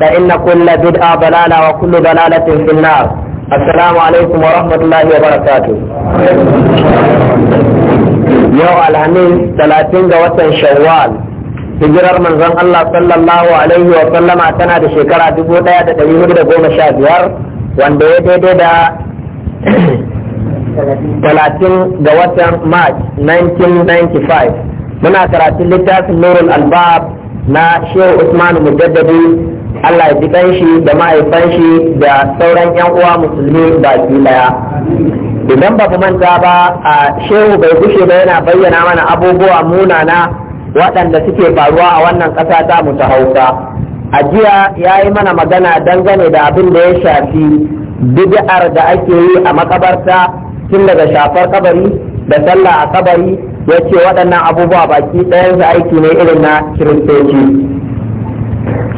فإن كل بدعة ضلالة وكل ضلالة في النار السلام عليكم ورحمة الله وبركاته يوم ثلاثين شوال hijirar manzon Allah tana da shekara dubu ɗaya da ɗari hudu da goma 1995 muna karatun littafin Nurul Albab na Shehu Usman Mujaddadi Allah ya ji shi da mahaifan shi da sauran yan uwa musulmi baki daya idan ba ku manta ba a shehu bai gushe ba yana bayyana mana abubuwa munana waɗanda suke faruwa a wannan ƙasa ta mu ta hausa a jiya ya yi mana magana dangane da abin da ya shafi bid'ar da ake yi a makabarta tun daga shafar kabari da sallah a kabari ya ce waɗannan abubuwa baki ɗayansu aiki ne irin na kiristoci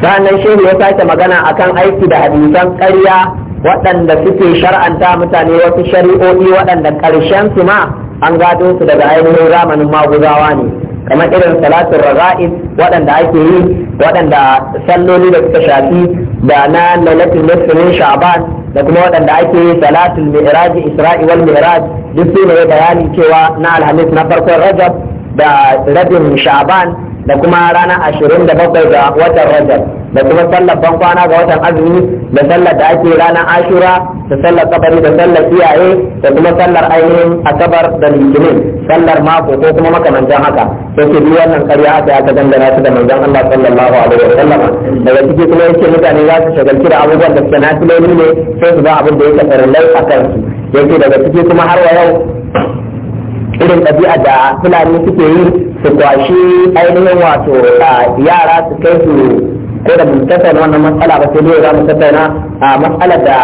sannan shehu ya sake magana akan aiki da hadisan ƙarya waɗanda suke shar'anta mutane wasu shari'o'i waɗanda ƙarshen su ma an gado su daga ainihin zamanin maguzawa ne kamar irin salatun raza'is waɗanda ake yi waɗanda salloli da suka shafi da na lalatul nisfin sha'ban da kuma waɗanda ake yi salatun mi'raj isra'i wal mi'raj duk su ne bayani cewa na alhamis na farkon rajab da rabin sha'ban da kuma rana ashirin da bakwai ga watan rajab da kuma sallar ban kwana ga watan azumi da sallar da ake rana ashura da sallar kabari da sallar iyaye da kuma sallar ainihin asabar da litinin sallar mako ko kuma makamancin haka sai ke biyu wannan karya aka aka dangana su da manzon Allah sallallahu alaihi wa sallama daga ciki kuma yake mutane za su shagalci da abubuwan da suke nasiloli ne sai su ba abin da yake lai a kansu yake daga ciki kuma har wa yau irin ɗabi'a da fulani suke yi su kwashi ainihin wato yara su kai su ko da mun tattauna wannan matsala ba sai dole za mu tattauna a matsala da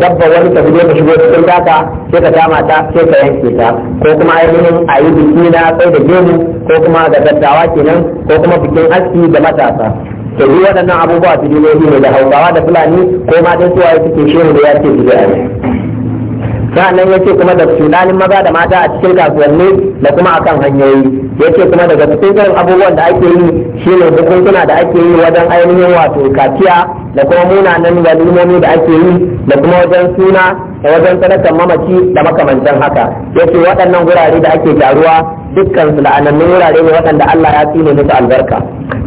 dabba wani ta zo ka shigo cikin daka sai ka dama ta sai ka yanke ta ko kuma ainihin a yi biki na kai da gemu ko kuma ga dattawa kenan ko kuma bikin aski da matasa to yi waɗannan abubuwa su ne da hausawa da fulani ko ma dai suwaye suke shehu da ya ce a ne sa'annan yace kuma da tunanin maza da mata a cikin kasuwanni da kuma a kan hanyoyi yace kuma daga cikin irin abubuwan da ake yi shine hukuntuna da ake yi wajen ainihin wato kaciya da kuma munanan walimomi da ake yi da kuma wajen suna da wajen sadakar mamaci da makamancin haka yace waɗannan gurare da ake taruwa dukkan su la'anannun wurare ne waɗanda Allah ya tsine musu albarka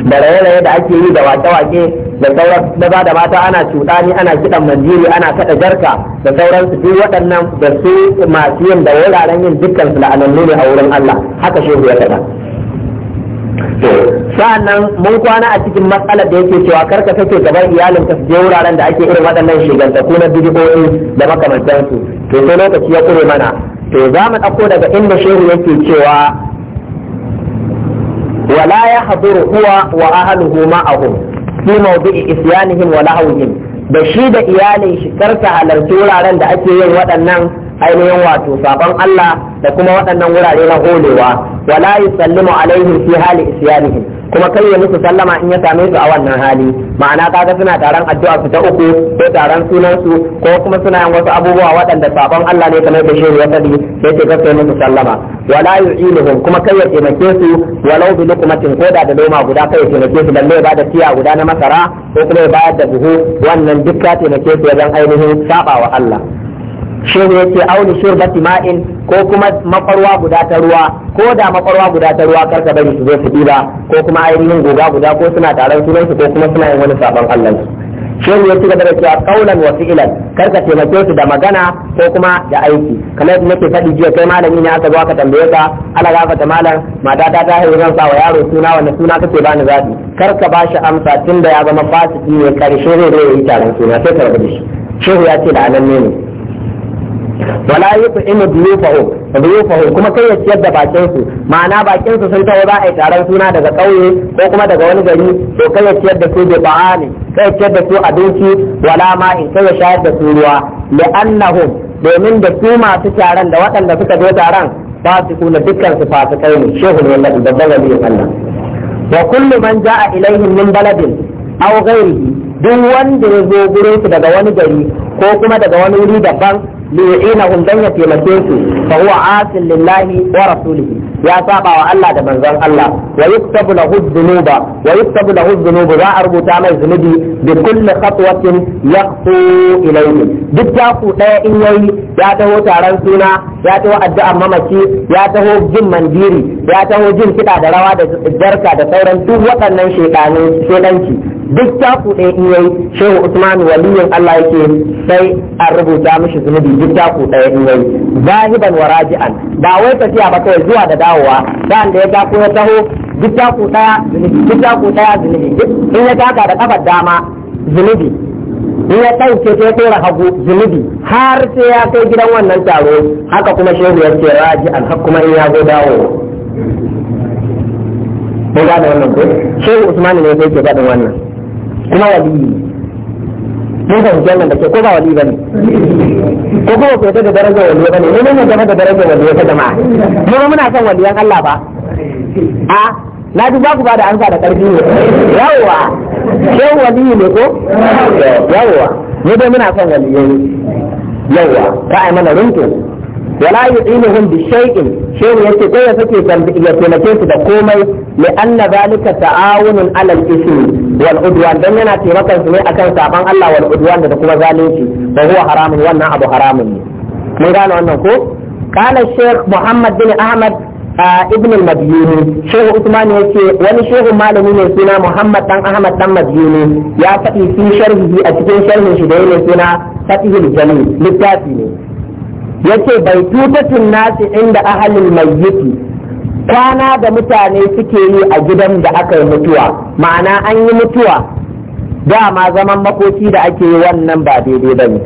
da raye-raye da ake yi da wake-wake da sauran maza da mata ana ne ana kiɗan manjiri ana kaɗa jarka da sauran su duk waɗannan da su masu yin da wuraren yin dukkan su la'anannu ne a wurin Allah haka shehu ya faɗa sa'an nan mun kwana a cikin matsalar da yake cewa karka take gaban iyalin ka je wuraren da ake irin waɗannan shigantaku na bidiyoyi da makamantansu to sai lokaci ya kure mana to za mu ɗauko daga inda shehu yake cewa wala ya haduru huwa wa ahluhu ma'ahum fi mawdi'i isyanihim wa lahawihim da shi da iyalin shi karta halarci wuraren da ake yin waɗannan ainihin wato sabon Allah da kuma waɗannan wurare na holewa wala yusallimu alaihim fi hali isyanihim kuma kai ya musu sallama in ya same su a wannan hali ma'ana kaga suna taron addu'a su ta uku ko taron sunan su ko kuma suna yin wasu abubuwa waɗanda sabon Allah ne kamar da shehu ya sadi sai ce kai musu sallama wala yu'iluhum kuma kai ya taimake su walau bi luqmatin ko da da loma guda kai ya taimake su lalle ba da tiya guda na masara ko kuma ya bayar da buhu wannan duk ka taimake su wajen ainihin sabawa Allah shehu ya ce auni shurbati ma'in ko kuma makwarwa guda ta ruwa ko da makwarwa guda ta ruwa karka bari su zo su ɗiba ko kuma ainihin goga guda ko suna taron su ko kuma suna yin wani sabon allah shehu ya ci gaba da cewa kaulan wa fi'lan karka taimake su da magana ko kuma da aiki kamar yadda nake faɗi jiya kai malami ne aka zo aka tambaye ka ala ya ta malam mata ta ta haihu zan sa wa yaro suna wani suna kake bani zabi karka ba shi amsa tun da ya zama fasiki ne karshe zai zo ya yi taron suna sai ka rabu da shi shehu ya ce da anan ne wala fahu biyu fahu kuma kai ya ciyar da bakin su ma'ana bakin su sun tawo za a yi taron suna daga ƙauye ko kuma daga wani gari to kai ya ciyar da su bi ba'ani kai ya ciyar da su abinci wala in kai ya shayar da su ruwa li'annahum domin da su masu taron da waɗanda suka zo taron ba fasikuna dukkan su fasikai ne shehun wallahi babban waliyin Allah wa kullu man ja'a ilaihim min baladin aw ghairihi duk wanda ya zo gurin su daga wani gari ko kuma daga wani wuri daban liyu'inahum dan ya taimake su fa huwa asil lillahi wa rasulihi ya saba wa Allah da manzon Allah wa yuktabu lahu dhunuba wa yuktabu lahu dhunuba za a rubuta mai zunubi bi kulli khatwatin yaqtu ilayhi duk taku daya in yayi ya taho taron suna ya taho addu'ar mamaci ya taho jin mandiri ya taho jin kida da rawa da jarka da sauran duk waɗannan shedanu shedanci duk taku ɗaya in yai shehu usman waliyin allah yake sai a rubuta mishi zunubi duk taku ɗaya in yai zahiban wa raji'an ba wai tafiya ba kawai zuwa da dawowa sa'an da ya ta ya taho duk taku ɗaya zunubi duk taku ɗaya zunubi in ya taka da kafar dama zunubi in ya ɗauke ta ya tura hagu zunubi har sai ya kai gidan wannan taro haka kuma shehu ya ce raji'an har kuma in ya zo dawowa mun gane wannan ko shehu usmanu ne ke faɗin wannan kuma waliyi ne mun ga wannan da ke ko ba wali ba ne ko kuma ko ta da daraja wali ba ne ne mun gama da daraja wali ta jama'a mun muna son waliyan Allah ba a na ji ba ku ba da amsa da karfi ne yawwa ke waliyi ne ko yawwa mu dai muna son waliyai yawwa ka ai mana runtu wala yu'inuhum bi shay'in shehu yace ko ya sake ya taimake su da komai mai anna zalika ta'awunun alal ismi wal udwan dan yana taimakon su ne akan saban Allah wal udwan da kuma zalunci fa huwa haramun wannan abu haramun ne mun gane wannan ko qala shaykh muhammad bin ahmad ibn al-madini shehu usman yace wani shehu malami ne suna muhammad dan ahmad dan madyuni ya faɗi fi sharhi a cikin sharhin shi da yake suna fatihul jalil littafi ne yace bai tutatin nasi inda ahalin mayyiti kwana da mutane suke yi a gidan da aka yi mutuwa ma'ana an yi mutuwa dama zaman makoki da ake yi wannan ba daidai ba ne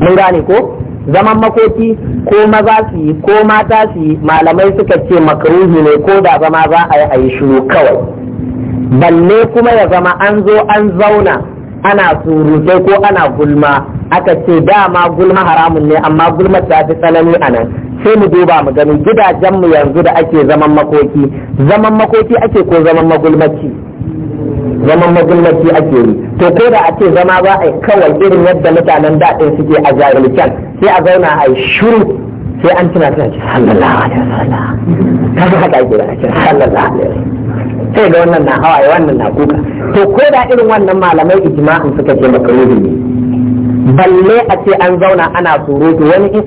mun gane ko zaman makoki ko maza su yi ko mata su yi malamai suka ce makaruhi ne ko da zama za a yi a yi shiru kawai balle kuma ya zama an zo an zauna ana surutai ko ana gulma aka ce dama gulma haramun ne amma gulma ta fi tsanani a nan sai mu duba mu gani gidajenmu yanzu da ake zaman makoki zaman makoki ake ko zaman magulmaci zaman magulmaci ake yi to ko da a ce zama ba a kawai irin yadda mutanen daɗin suke a jahilcan sai a zauna a shuru sai an tuna suna ce sallallahu alaihi wasallam kaga haka ake da ce sallallahu alaihi wasallam sai ga wannan na hawaye wannan na kuka to ko da irin wannan malamai ijma'in suka ce makaruhi ne balle a ce an zauna ana surutu wani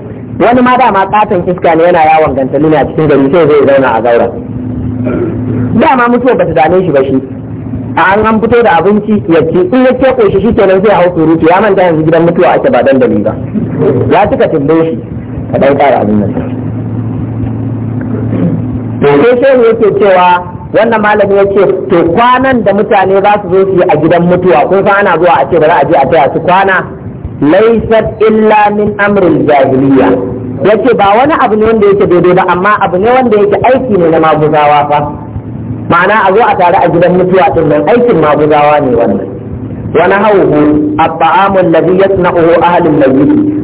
wani ma dama katon iska ne yana yawon gantali ne a cikin gari sai zai zauna a zauren dama ba bata dame shi ba shi a an an fito da abinci ya ci in ya ce koshi shi kenan zai hau surutu ya manta yanzu gidan mutuwa ake ba dan ba ya cika tumbe shi a dan fara abin nan to sai ne yake cewa wannan malami ya ce to kwanan da mutane za su zo su yi a gidan mutuwa kun fa ana zuwa a ce ba za a je a taya su kwana laysat illa min amril jahiliya yace ba wani abu ne wanda yake daidai ba amma abu ne wanda yake aiki ne na maguzawa fa ma'ana a zo a tare a gidan mutuwa din nan aikin maguzawa ne wannan wani hauhu a ta'amun labi ya suna uhu ahalin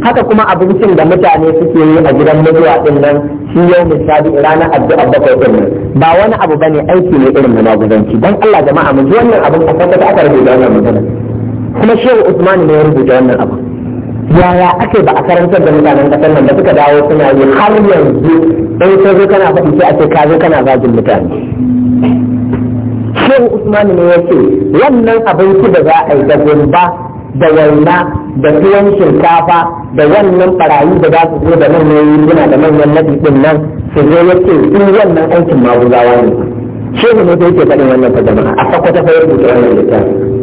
haka kuma abincin da mutane suke yi a gidan mutuwa din nan shi yau misali ranar addu'a bakwai din nan ba wani abu bane aiki ne irin na maguzanci dan Allah jama'a mu ji wannan abin a kasa aka rubuta wannan magana kuma shehu usmani ne ya rubuta wannan abu yaya ake ba a karantar da mutanen kasar nan da suka dawo suna yi har yanzu in ka zo kana faɗi sai a ce ka zo kana zagin mutane shehu Usman ne ya ce wannan abinci da za a yi da gumba da waina da tuwon shinkafa da wannan barayi da za su zo da manyan yana da manyan nabi din nan su zo ya ce in wannan aikin maguzawa ne shehu ne da yake faɗin wannan ta jama'a a sakwata fa ya rubuta wannan littafi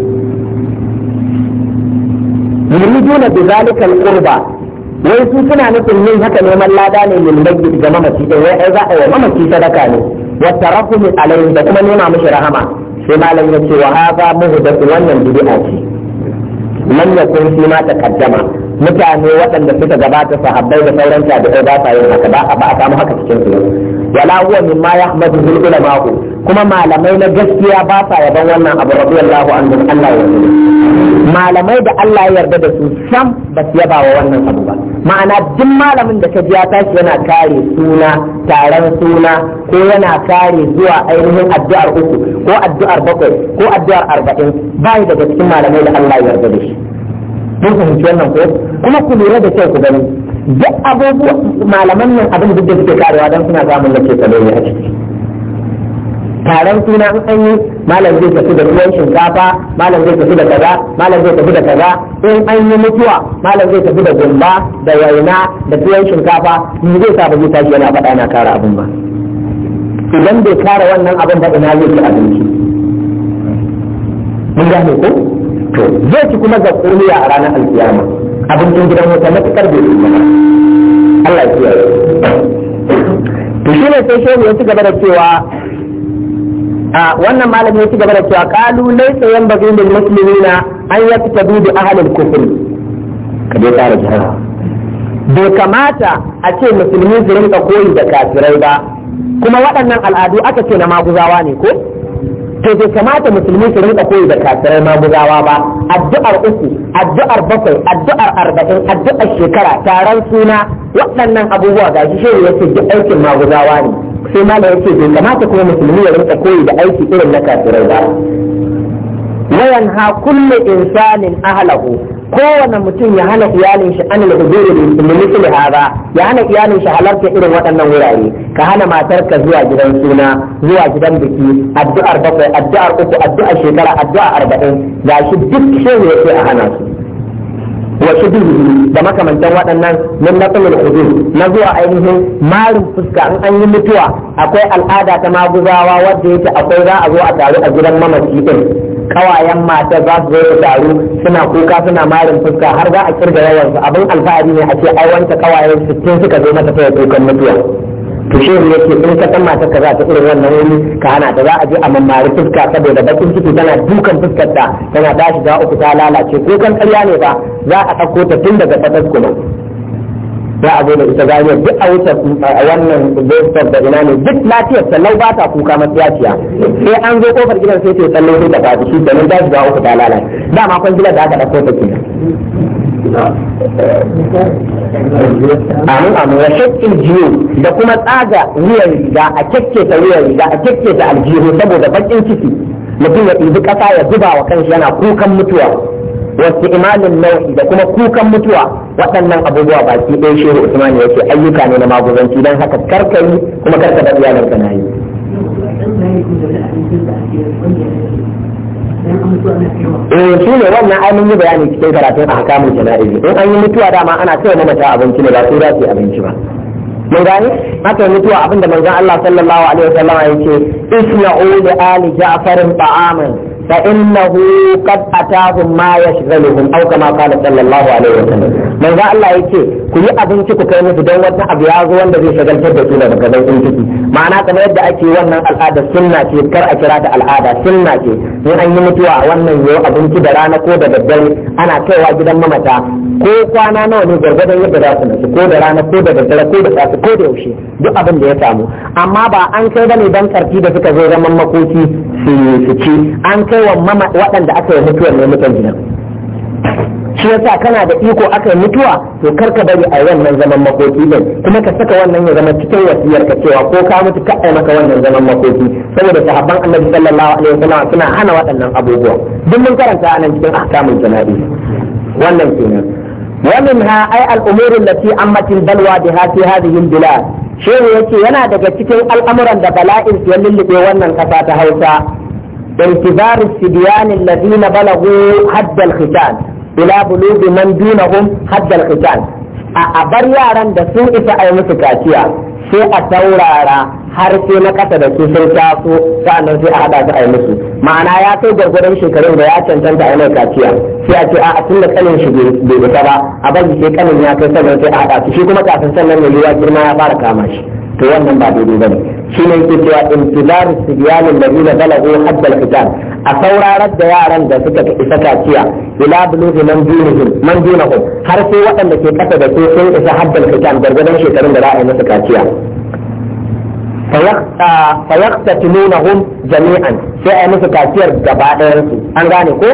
yuriduna bi dizalikal alqurba wai su suna nufin yin haka neman lada ne min mayyit ga mamaci da wai ai za a yi mamaci sadaka ne Wata tarahum alaihi da kuma nema mishi rahama sai malam ya ce wa hadha dasu wannan bid'a ce man yakun fi ma taqaddama mutane waɗanda suka gabata sahabbai da sauran tabi'ai ba sa yin haka ba a samu haka cikin su wala huwa mimma yahmadu ulama kuma malamai na gaskiya ba sa yaban wannan abu radiyallahu anhu Allah ya yarda malamai da Allah ya yarda da su sam ba su yaba wa wannan abu ba ma'ana duk malamin da ka ji ya tashi yana kare suna taron suna ko yana kare zuwa ainihin addu'ar uku ko addu'ar bakwai ko addu'ar arba'in ba daga cikin malamai da Allah ya yarda da shi mun fahimci wannan ko kuma ku lura da kyau ku gani duk abubuwa malaman nan abin duk da suke karewa don suna samun lake kalori a ciki taron suna in an yi malam zai tafi da ruwan shinkafa malam zai tafi da kaza malam zai tafi da kaza in an yi mutuwa malam zai tafi da gumba da waina da tuwon shinkafa ni zai sa ba zai tashi yana faɗa na kara abin ba idan bai kara wannan abin ba ina zai ci abinci mun gane ko to zai ci kuma ga kuliya a ranar alkiyama abincin gidan wuta matukar bai ci ba Allah ya kiyaye to shi ne sai shehu ya ci gaba da cewa a wannan malamin ya ci gaba da cewa yan laysa da lil na an fi tabi da ahalin kufr ka dai fara jihar bai kamata a ce musulmi su rinka koyi da kafirai ba kuma waɗannan al'adu aka ce na maguzawa ne ko to bai kamata musulmi su rinka koyi da kafirai maguzawa ba addu'ar uku addu'ar bakwai addu'ar arba'in addu'ar shekara taron suna waɗannan abubuwa ga shi ya ce duk aikin maguzawa ne sai malam ce bai kamata kuma musulmi ya rinka koyi da aiki irin na kafirai ba wayan ha kullu insanin ahlahu kowane mutum ya hana iyalin shi anil huzuri da misli hada ya hana iyalin shi halarta irin waɗannan wurare ka hana matarka zuwa gidan suna zuwa gidan biki addu'ar bakwai addu'ar uku addu'ar shekara addu'ar arba'in gashi duk ya yake a hana su wasu shubihi da makamantan waɗannan min matsalul hudud na zuwa ainihin marin fuska in an yi mutuwa akwai al'ada ta maguzawa wadda yake akwai za a zo a taru a gidan mamaci din kawayen mata za su zo a taru suna kuka suna marin fuska har za a kirga yawansu abin alfahari ne a ce ai ƙawayen kawayen sittin suka zo mata ta kukan mutuwa to shi ne ke in ka san matar ka za ta irin wannan wuri ka hana ta za a je a mamari fuska saboda bakin ciki tana dukan fuskar ta tana tashi za uku ta lalace ko kan karya ne ba za a ɗauko ta tun daga fatas kuma za a zo da ita zaniya duk a wuce a wannan bostar da ina ne duk lafiyar sallau ba ta kuka matsiyaciya sai an zo kofar gidan sai ce sallau da ta su shi da nan tashi za uku ta lalace dama kwan gida da aka ɗauko ta kenan amin amin wa shakkin jiyo da kuma tsaga wuyar riga a kyakketa wuyan riga a kyakketa aljihu saboda bakin ciki mutum ya ɗibi ƙasa ya zuba wa kanshi yana kukan mutuwa wasu imanin nau'i da kuma kukan mutuwa waɗannan abubuwa baki ɗaya shehu usman ya ce ayyuka ne na maguzanci don haka yi kuma karka da iyalinka na yi eh shi ne wannan ai mun yi bayani cikin karatun ahkamul jana'iz in an yi mutuwa dama ana kai ta abinci ne ba su za su yi abinci ba mun gane haka mutuwa abinda manzon Allah sallallahu alaihi wasallam ya ce isma'u li ali ja'far ta'aman فإنه قد أتاهم ما يشغلهم أو كما قال صلى الله عليه وسلم من ذا الله يكي كي أبن تكو كيني في دون وطن أبياغ وان دي شغل تبا سنة بكذا إن تكي معنى كما يبدأ أكي وانا الآدة سنة كي كر أكرات الآدة سنة كي من أن يمتوا وانا يو أبن تدرانا كودا بدل أنا كي واجدا ممتا ko kwana nawa ne gargadon yadda za su nasu ko da rana ko da daddare ko da safe ko da yaushe duk abin da ya samu amma ba an kai bane dan karfi da suka zo zaman makoki su an kai wa waɗanda aka yi mutuwar ne mutan gidan shi yasa kana da iko aka yi mutuwa to kar ka bari a wannan zaman makoki din kuma ka saka wannan ya zama cikin wasiyar ka cewa ko ka mutu ka ai maka wannan zaman makoki saboda sahabban Annabi sallallahu alaihi wasallam suna hana waɗannan abubuwa duk mun karanta nan cikin ahkamul janabi wannan kenan ومنها أي الأمور التي أمت البلوى بها في هذه البلاد shehu ya ce yana daga cikin al'amuran da bala'in ya lulluɓe wannan ƙasa ta hausa intibar sibiyanin lazina balagu haddal khitan ila bulubi man dunahum haddal khitan a abar yaran da sun isa ai musu kaciya sai a taurara har sai na kasa da su sun taso sa'annan sai a hada su a yi musu ma'ana ya kai gwargwadon shekarun da ya cancanta a mai kaciya sai a ce a tun da kanin shi bai bata ba a bari sai kanin ya kai sannan sai a hada su shi kuma kafin sannan ne ya girma ya fara kama shi to wannan ba daidai bane shi ne yake cewa intilar sibyalin da nuna balagu haddal fitan a saurarar da yaran da suka isa kaciya ila bulughi man dunihim man dunahum har sai waɗanda ke kasa da su sun isa haddal fitan gargadan shekarun da za a yi musu kaciya fayaqta tununahum jami'an sai a yi musu kaciyar gaba ɗayan su an gane ko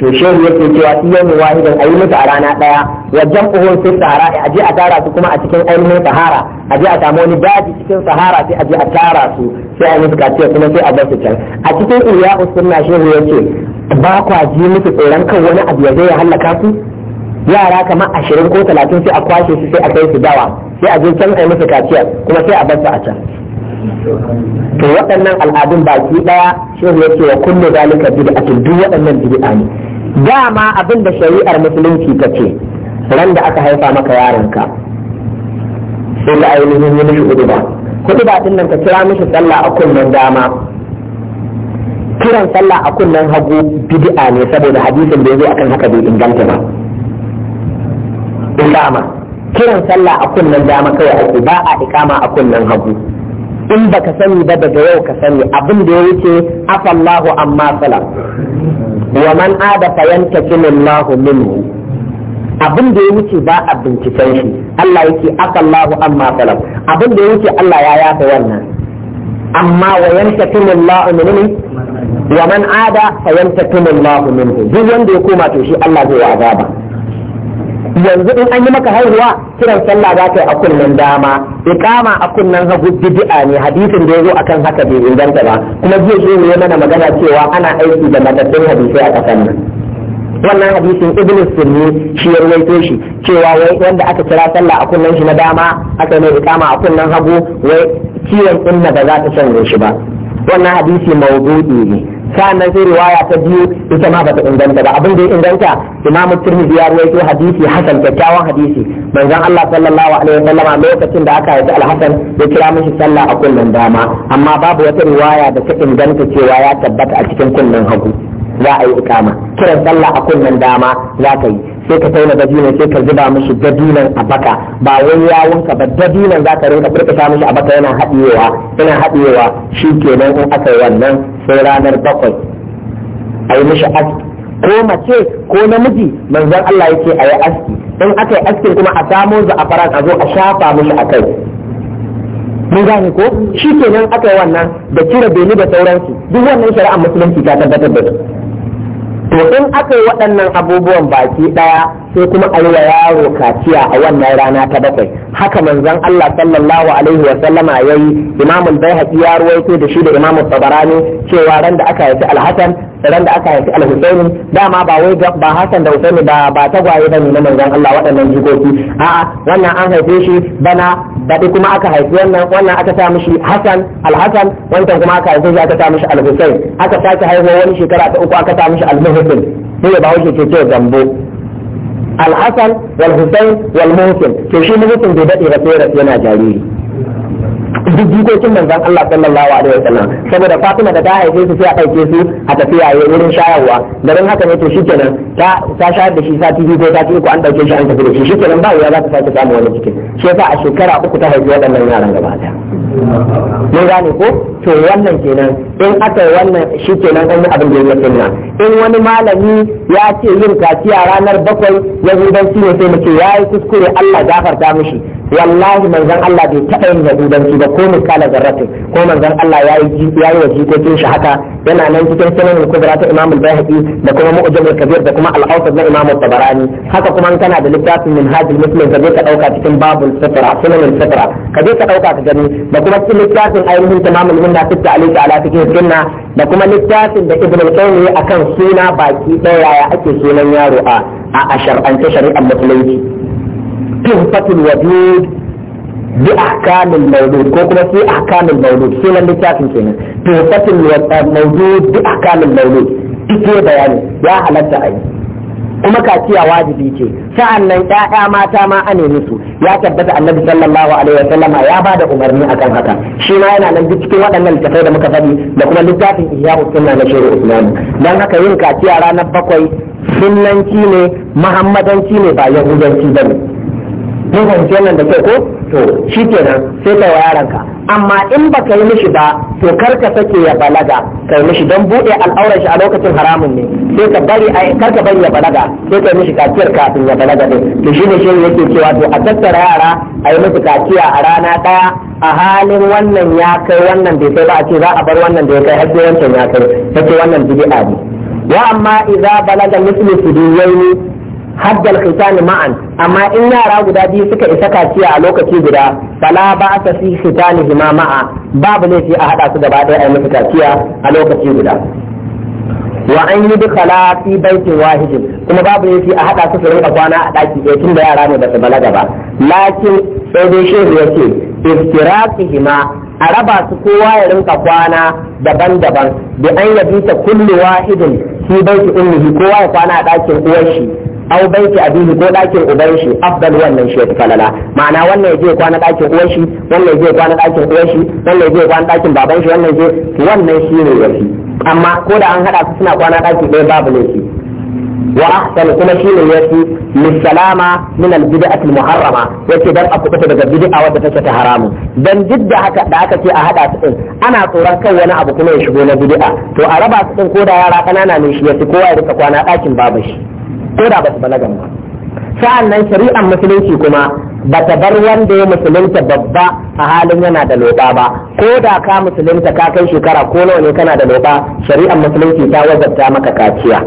to shehu yake cewa iya mu wahidan ayi musu a rana daya wa jam'uhum fi sahara a je a tara su kuma a cikin ainihin sahara a je a samu wani daji cikin sahara sai a je a tara su sai a musu kaciya kuma sai a basu can a cikin iya usunna shehu yake ba kwa ji musu tsoron kan wani abu ya zai ya hallaka su yara kamar ashirin ko talatin sai a kwashe su sai a kai su dawa sai a je can a yi musu kaciya kuma sai a basu a can to waɗannan al'adun baki ɗaya shi ya ce wa dalika zalika a duk waɗannan bid'a ne dama abin da shari'ar musulunci ta ce ran da aka haifa maka yaronka sai da ainihin yi mishi huduba ba din ba nan ka kira mishi sallah a kunnen dama kiran sallah a kunnen hagu bid'a ne saboda hadisin da ya zo akan haka bai inganta ba dama, kiran sallah a kunnen dama kawai ake ba a ikama a kunnen hagu in ka sani ba daga yau ka sani abin da ya wuce afallahu amma salam wa man ada fayantakin Allahu minhu abin da ya wuce ba a binciken shi Allah yake afallahu amma salam abin da ya wuce Allah ya yafa wannan amma wa yantakin Allahu minhu wa man ada fayantakin Allahu minhu duk wanda ya koma to shi Allah zai azaba yanzu in an yi maka haihuwa kiran sallah za ka yi a kullum dama iqama a kunnan hagu bid'a ne hadisin da yazo akan haka bai inganta ba kuma zai shi ne mana magana cewa ana aiki da matattun hadisai a kasan nan wannan hadisin ibn sunni shi ya rawaito shi cewa wai wanda aka kira sallah a kunnan shi na dama aka mai iqama a kunnan hagu wai ciwon inna ba za ta ya shi ba wannan hadisi mawdu'i ne sannan sai riwaya ta biyu ita ma bata inganta ba abin da ya inganta imamu tirmidhi ya ruwaito hadisi hasan kyakkyawan hadisi manzon Allah sallallahu alaihi wasallam lokacin da aka yi al-hasan ya kira mishi sallah a kullun dama amma babu wata riwaya da ta inganta cewa ya tabbata a cikin kullun hagu za a yi ikama kiran sallah a kullun dama za ka yi sai ka tauna dabino sai ka zuba musu dadinan a baka ba wai yawunka ba dabinon za ka rinka furkasa musu a baka yana haɗiyewa yana haɗiyewa shi kenan in aka wannan sai ranar bakwai a yi mishi aski ko mace ko namiji manzon Allah yake a yi aski in aka yi askin kuma a samo za a zo a shafa musu a kai mun gane ko shi kenan aka yi wannan da cire beni da sauransu duk wannan shari'ar musulunci ta tabbatar da su to in aka yi waɗannan abubuwan baki ɗaya sai kuma a yi wa yaro kaciya a wannan rana ta bakwai haka manzon Allah sallallahu alaihi wa sallama yayi Imam al-Baihaqi ya ruwaito da shi da Imam al-Tabarani cewa ran da aka haifi al-Hasan ran da aka haifi al-Husaini dama ba wai ba Hasan da Husaini ba ba tagwaye bane na manzon Allah waɗannan jikoki a'a wannan an haife shi bana baɗi kuma aka haifi wannan wannan aka sa mishi Hasan al-Hasan wancan kuma aka haife shi aka sa mishi al-Husain aka sake haihuwa wani shekara ta uku aka sa mishi al-Muhsin sai ba wuce ce ce gambo al-hasan wal husain wal muhsin to shi mutum bai dade ba sai yana jariri duk jikokin manzon Allah sallallahu alaihi wasallam saboda Fatima da ta haife su sai a ɗauke su a tafiya a wurin shayarwa garin haka ne to shikenan ta ta shayar da shi sati biyu ko sati uku an ɗauke shi an tafi da shi shikenan ba wuya za ta sake samu wani cikin shi yasa a shekara uku ta haifi waɗannan yaran gaba daya mun gane ko to wannan kenan in aka wannan shi kenan an yi abin da ya kenan in wani malami ya ce yin kaciya ranar bakwai ya yahudanci ne sai mu ce yi kuskure Allah gafarta mishi wallahi manzon Allah bai taɓa yin yahudanci ba ko kala zarratin ko manzon Allah yayi yayi wa jikokin shi haka yana nan cikin sunan kubra ta Imam al bayhaqi da kuma Mu'jam al-Kabir da kuma al-Awsat na Imam al-Tabarani haka kuma kana da littafin min al-Muslim ka je ka dauka cikin babul sitra sunan sitra ka je ka dauka ka gani ba da kuma cikin littafin ainihin tamamul minna fi ta'liq ala fiqh sunna da kuma littafin da ibn al-qayyim akan suna baki daya yaya ake sunan yaro a a shar'ance shari'ar musulunci tuhfatul wadud bi ahkamil mawlud ko kuma fi ahkamil mawlud sunan littafin kenan tuhfatul mawlud bi ahkamil mawlud ike bayani ya halatta ayi kuma kaciya wajibi ce sa'an nan ƴaƴa mata ma a nemi su ya tabbata annabi sallallahu alaihi wa sallama ya ba da umarni kan haka shi ma yana nan duk cikin waɗannan littafai da muka faɗi da kuma littafin ihya'u sunna na shehu usman dan haka yin kaciya ranar bakwai sunanci ne muhammadanci ne ba yahudanci bane duhun fahimci da kyau ko to shi kenan sai kai wa yaranka amma in ba ka yi mishi ba to kar ka sake ya balaga ka yi mishi don buɗe al'aurar shi a lokacin haramun ne sai ka bari a kar ka bari ya balaga sai ka yi mishi kakiyar kafin ya balaga ne to shine shi yake cewa to a tattara yara a yi musu kakiya a rana ɗaya a halin wannan ya kai wannan bai kai ba a ce za a bar wannan da ya kai har wancan ya kai ta ce wannan bid'a ne wa amma idza balaga mislu sudiyaini haddal khitani ma'an amma in yara guda biyu suka isa kaciya a lokaci guda fala ba ta fi khitani hima ma'a babu laifi a hada su gaba ɗaya a musu kaciya a lokaci guda wa an yi dukala fi baitin wahidin kuma babu laifi a hada su su rinka kwana a ɗaki ɗaya tun da yara ne ba su balaga ba lakin sai dai shehu ya ce hima, a raba su kowa ya rinka kwana daban-daban da an yabi ta kullu wahidin fi baitin ummihi kowa ya kwana a ɗakin uwar shi au baiti abini ko ɗakin uban shi afdal wannan shi yafi falala ma'ana wannan yaje kwana ɗakin uwan shi wannan yaje kwana ɗakin uwan shi wannan yaje kwana ɗakin baban shi wannan yaje wannan shi ne yafi amma ko da an hada su suna kwana ɗaki ɗaya babu laifi wa ahsan kuma shi ne yafi misalama min al bid'ati al muharrama yace dan aku kuta daga bid'a wadda take ta haramu dan duk da haka da aka ce a hada su din ana tsoron kai wani abu kuma ya shigo na bid'a to a raba su din ko da yara kanana ne shi yafi kowa ya rika kwana dakin babu shi ko da ba su balaga ba sa'an nan shari'ar musulunci kuma ba ta bar wanda ya musulunta babba a halin yana da loba ba ko da ka musulunta ka kai shekara ko nawa ne kana da loba shari'ar musulunci ta wazarta maka kaciya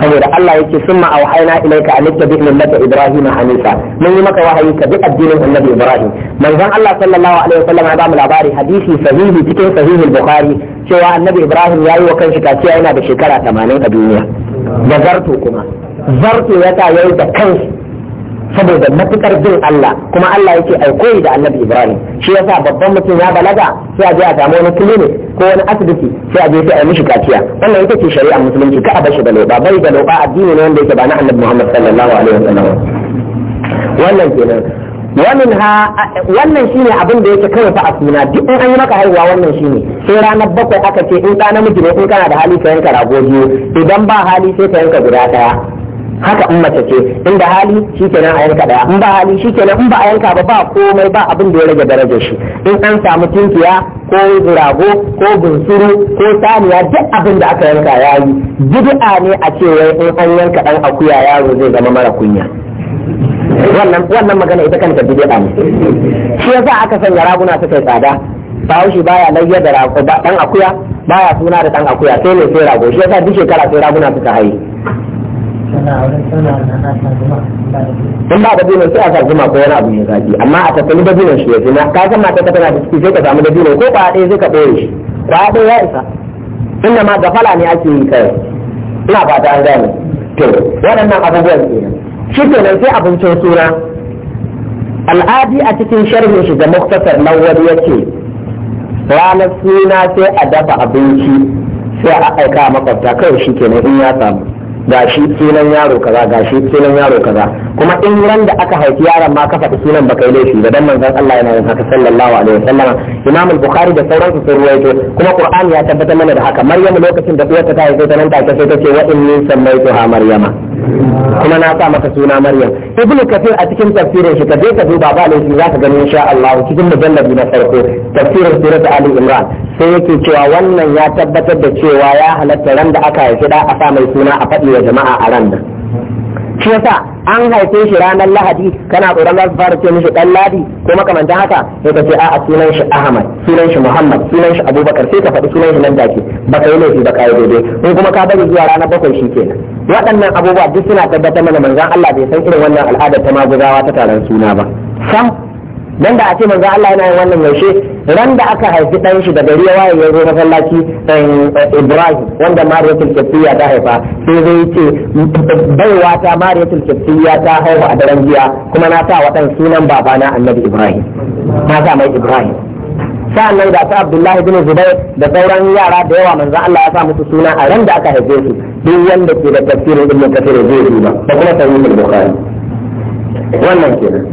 saboda Allah yake summa auhayna ilayka an tabi millata ibrahim hanifa mun yi maka wahayi ka bi addinin annabi ibrahim manzon Allah sallallahu alaihi wasallam ya ba mu labari hadisi sahihi cikin sahihul bukhari cewa annabi ibrahim yayi wa kanshi kaciya yana da shekara 80 a duniya da zarto kuma zarto ya ta yau da kansu saboda matukar jin Allah kuma Allah yake aikoyi da Annabi Ibrahim shi yasa babban mutum ya balaga sai a je a samu wani kulini ko wani asibiti sai a je sai a yi mishi kaciya wannan ita ce shari'a musulunci ka a bashi da loba bai da loba addini ne wanda yake ba na Annabi Muhammad sallallahu alaihi wasallam wannan kenan wannan ha wannan shine abin da yake kawai fa a suna duk in an yi maka haihuwa wannan shine sai ranar bakwai aka ce in ka namiji ne in kana da hali ka yanka rago biyu idan ba hali sai ka yanka guda ɗaya haka in mace ce in da hali shikenan a yanka ɗaya in ba hali shikenan in ba a yanka ba ba komai ba abin da ya rage darajar shi in an samu tinkiya ko rago ko bunsuru ko saniya duk abin da aka yanka yayi bid'a ne a ce wai in an yanka ɗan akuya yaro zai zama mara kunya wannan wannan magana ita kanta bidiyo ne shi yasa aka sanya raguna suka tsada bahaushe baya layyar da dan akuya baya suna da dan akuya sai ne sai rago shi yasa duk shekara sai raguna suka haye in ba dabino sai a sa zuma ko wani abu mai zaki amma a tattali dabino shi ya fi ka san mata ka tana da ciki sai ka samu da dabino ko kwaɗe ɗaya sai ka ɓoye shi ba ɗaya ya isa inda ma gafala ne ake yi kai ina fata an gane to waɗannan abubuwan kenan shi kenan sai abincin suna al'adi a cikin sharhin shi ga muktasar lawar ya ce ranar suna sai a dafa abinci sai a aika makwabta kawai shi kenan in ya samu ga shi sunan yaro kaza ga shi sunan yaro kaza kuma in ran da aka haifi yaron ma ka faɗi sunan baka yi laifi ba dan manzon Allah yana yin haka sallallahu alaihi wasallam Imam al-Bukhari da sauransu sun ruwaito kuma Qur'ani ya tabbatar mana da haka Maryam lokacin da uwarta ta haife ta nan take sai ta ce wa inni sammaytuha Maryama kuma na sa maka suna maryam ibn kafir a cikin tafsirin shi ka je ka duba ba laifi za ka gani insha Allah cikin mujalladi na farko tafsirin surat ali imran sai yake cewa wannan ya tabbatar da cewa ya halatta ran da aka haifi da a sa mai suna a faɗi wa jama'a a ran da shi yasa an haife shi ranar lahadi kana tsoron za su fara ce mishi dan ladi ko makamantan haka sai ka ce a'a sunan shi ahmad sunan shi muhammad sunan shi abubakar sai ka faɗi sunan shi nan take ba ka yi laifi ba ka yi daidai in kuma ka bari zuwa ranar bakwai shi kenan waɗannan abubuwa duk suna tabbatar mana manzon Allah bai san irin wannan al'adar ta maguzawa ta taron suna ba sam dan da a ce manzo Allah yana yin wannan yaushe ran da aka haifi dan shi da gari ya waye ya zo masallaci eh, Ibrahim wanda Mariyatul Qibtiyya ta haifa sai zai ce baiwa ta Mariyatul Qibtiyya ta haifa a daren jiya kuma na sa watan sunan babana Annabi Ibrahim na sa mai Ibrahim sa'annan da ta Abdullahi bin Zubair da sauran yara da yawa manzo Allah ya sa musu suna a ran da aka haife su duk wanda ke da tafsirin Ibn Kathir zai duba da kuma sahihul Bukhari wannan kenan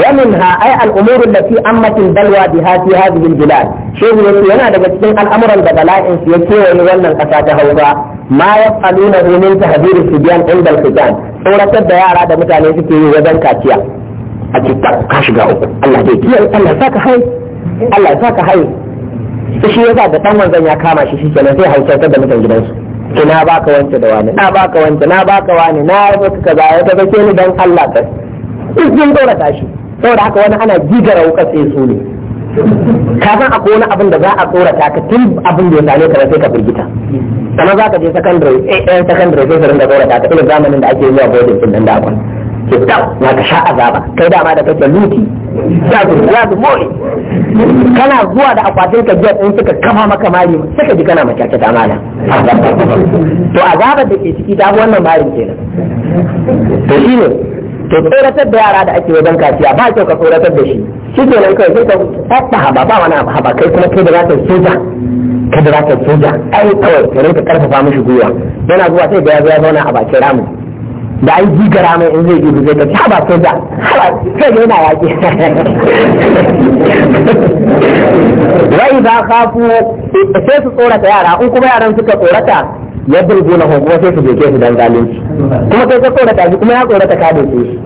ومنها أي الأمور التي أمت البلوى بها في هذه البلاد شيخ يقول أنا دقتين الأمر البلاء في يكون ولن قصاد هوضا ما يفعلونه من تهذير الصبيان عند الختان صورة الديارة هذا مثلا يسكي وزن كاتيا أجد كاشقا الله ديكي الله ساك هاي الله ساك هاي shi ya sa da ɗan wanzan ya kama shi shi kenan sai hausautar da mutan gidansu ki na baka wance da wani na baka wance na baka wani na yi kaza ya tafi ni dan Allah ka sun tsorata shi saboda haka wani ana jigara wuka sai su ne kafin akwai wani abin da za a tsorata ka tun abin da ya same ka sai ka firgita sama za ka je secondary ɗayan eh, eh, secondary sai ka rinka tsorata ka irin zamanin da ake yi wa boarding din nan da akwai ke tau na ka sha azaba kai dama da kake luti ya su ya su more kana zuwa da akwatin ka jiya in suka kama maka mari suka ji kana makyarta ta mana to azabar da ke ciki ta wannan marin kenan to shine to tsoratar da yara da ake wajen kaciya ba kyau ka tsoratar da shi shi ke nan kawai sai ka tsatsa haba ba wani abu haba kai kuma kai da zata soja kai da zata soja ai kawai ka rinka karfafa mishi gwiwa yana zuwa sai da ya zo ya zauna a bakin ramu da ai gara mai in zai gudu zai ta ci haba soja haba sai da yana yaƙi wai ba kafu sai su tsorata yara in kuma yaran suka tsorata ya burbu na kuma sai su doke su dan zalunci kuma sai ka korata shi kuma ya korata ka doke shi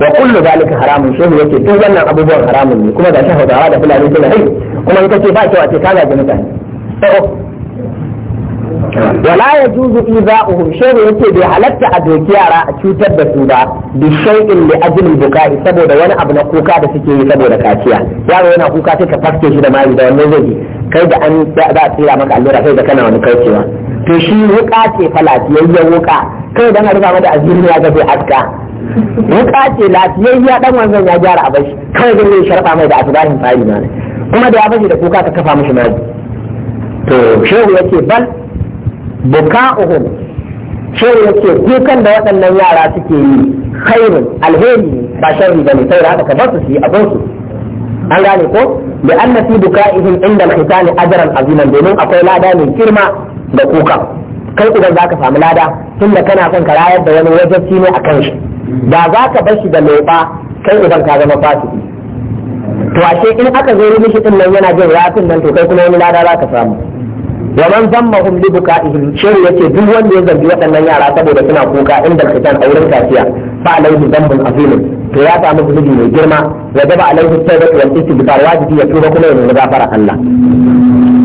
wa kullu zalika haramun shehu yake duk wannan abubuwan haramun ne kuma ga shi hausawa da fulani suna yi kuma in kace ba kyau a ce ka gaji mutane eh, oh. wala ya juzu iza'uhum shehu yake bai halatta a doki yara a cutar da su ba bi shay'in li ajlil bukai saboda wani abu na kuka da suke yi saboda kaciya yaro yana kuka sai ka faske shi da mari da wannan zai kai da an za a tsira maka allura sai da kana wani kaucewa to shi wuka ce fa lafiyayyen wuka kai dan a rufa mata azirin ya ga aska wuka ce lafiyayya dan wanzan ya gyara a bashi kai zai yi sharfa mai da asibahin tsari ma ne kuma da ya bashi da kuka ka kafa mishi mari to shehu yake bal buka'uhum shehu yake kukan da waɗannan yara suke yi khairun alheri ne ba sharri bane da haka ka bar su su yi abin su an gane ko da an fi buka'ihim inda al-khitan ajran aziman domin akwai lada mai girma da kuka, kai idan za ka samu lada tunda kana son ka rayar da wani wajabci ne a kan shi Ba za ka bar shi da lofa kai idan ka zama fasiki to ashe in aka zo mishi din nan yana jin rafin nan to kai kuma wani lada za ka samu wa man zammahum li bukaihim shiru yake duk wanda ya zargi waɗannan yara saboda suna kuka inda kitan auren kafiya fa alaihi dhanbun azim to ya samu zubi mai girma wa daba alaihi tawbatu wal istighfar wajibi ya tuba kuma ya nemi gafara Allah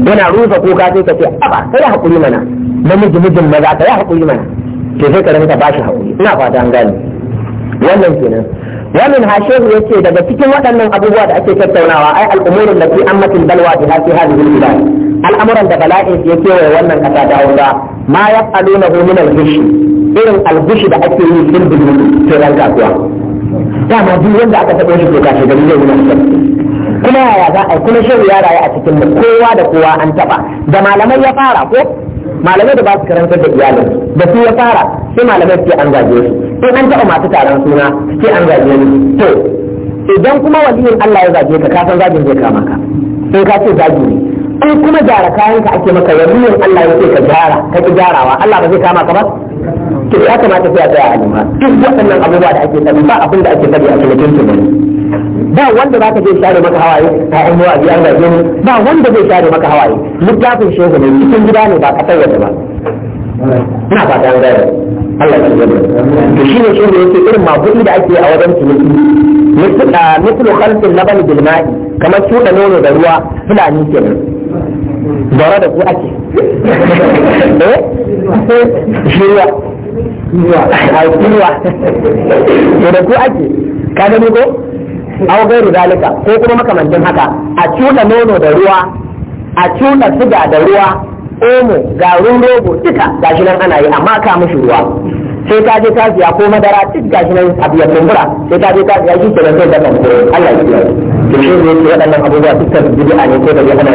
yana rufe kuka sai ka ce aba kai hakuri mana namiji mijin maza ya hakuri mana to sai ka rinka bashi hakuri ina fata an gane wannan kenan ومن هاشم يسي daga cikin waɗannan abubuwa da ake tattaunawa ai al'umurin da fi ammatin balwa bi hasi hadhihi bilad al'amuran da bala'i yake wa wannan kasa da wanda ma yaf'alunahu min al-ghish irin al da ake yi fil bilad to ran kasuwa dama duk wanda aka tabo shi to kashi da zai yi kuma yaya za a kuma shan ya rayu a cikin kowa da kowa an taɓa da malamai ya fara ko malamai da ba su karantar da iyalin da su ya fara sai malamai suke an gaje su sai an taɓa masu taron suna suke an gaje ni? to idan kuma waliyin Allah ya zage ka kasan zagin zai kama ka in ka ce zagi ne in kuma gyara kayan ka ake maka waliyin Allah ya ce ka gyara ka ki gyarawa Allah ba zai kama ka ba to ya kamata sai a tsaya a duk waɗannan abubuwa da ake tsari ba abin da ake tsari a cikin tunani ne ba wanda za ka je share maka hawaye ta an yi wa'azi an gaje mu ba wanda zai share maka hawaye littafin shehu ne cikin gida ne ba kasar waje ba ina fata an gaya Allah ya shirya to shine shehu yake irin mabuɗi da ake a wajen tunani ciniki mislu khalfin laban bilma'i kamar cuɗa nono da ruwa fulani kenan zaura da ku ake eh shirya shirya a shirya to da ku ake ka gani ko aw gairu dalika ko kuma makamancin haka a cuna nono da ruwa a cuna siga da ruwa omo garin rogo duka gashi nan ana yi amma ka mushi ruwa sai ka je ka siya ko madara duk gashi nan abu ya kumbura sai ka je ka siya shi kenan sai da kan Allah ya kiyaye to shi ne waɗannan abubuwa dukkan bid'a ne ko da ya ana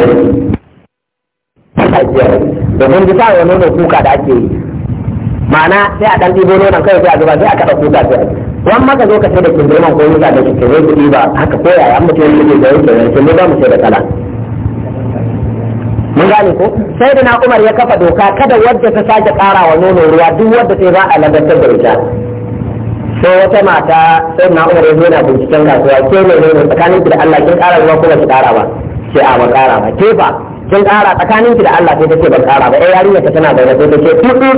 yi domin bisa wa nono kuka da ake yi ma'ana sai a ɗan dibo nonon kai sai a zuba sai a kaɗa kuka sai wani maka zo ka sai da kindirman ko wuta da kike zai kudi ba haka ko yaya an mutum yake da yake yanzu mu ba mu sai da kala mun gane ko sai da na umar ya kafa doka kada wadda ta sake ƙara wa nono ruwa duk wadda sai za a ladantar da ita sai wata mata sai na umar ya zo na binciken kasuwa ke ne nono tsakanin ki da Allah kin ƙara ruwa ko ba ki ƙara ba sai a ba ƙara ba ke ba kin ƙara tsakanin ki da Allah sai ta ce ba ƙara ba eh yarinya ta tana da wata sai ta ce tudu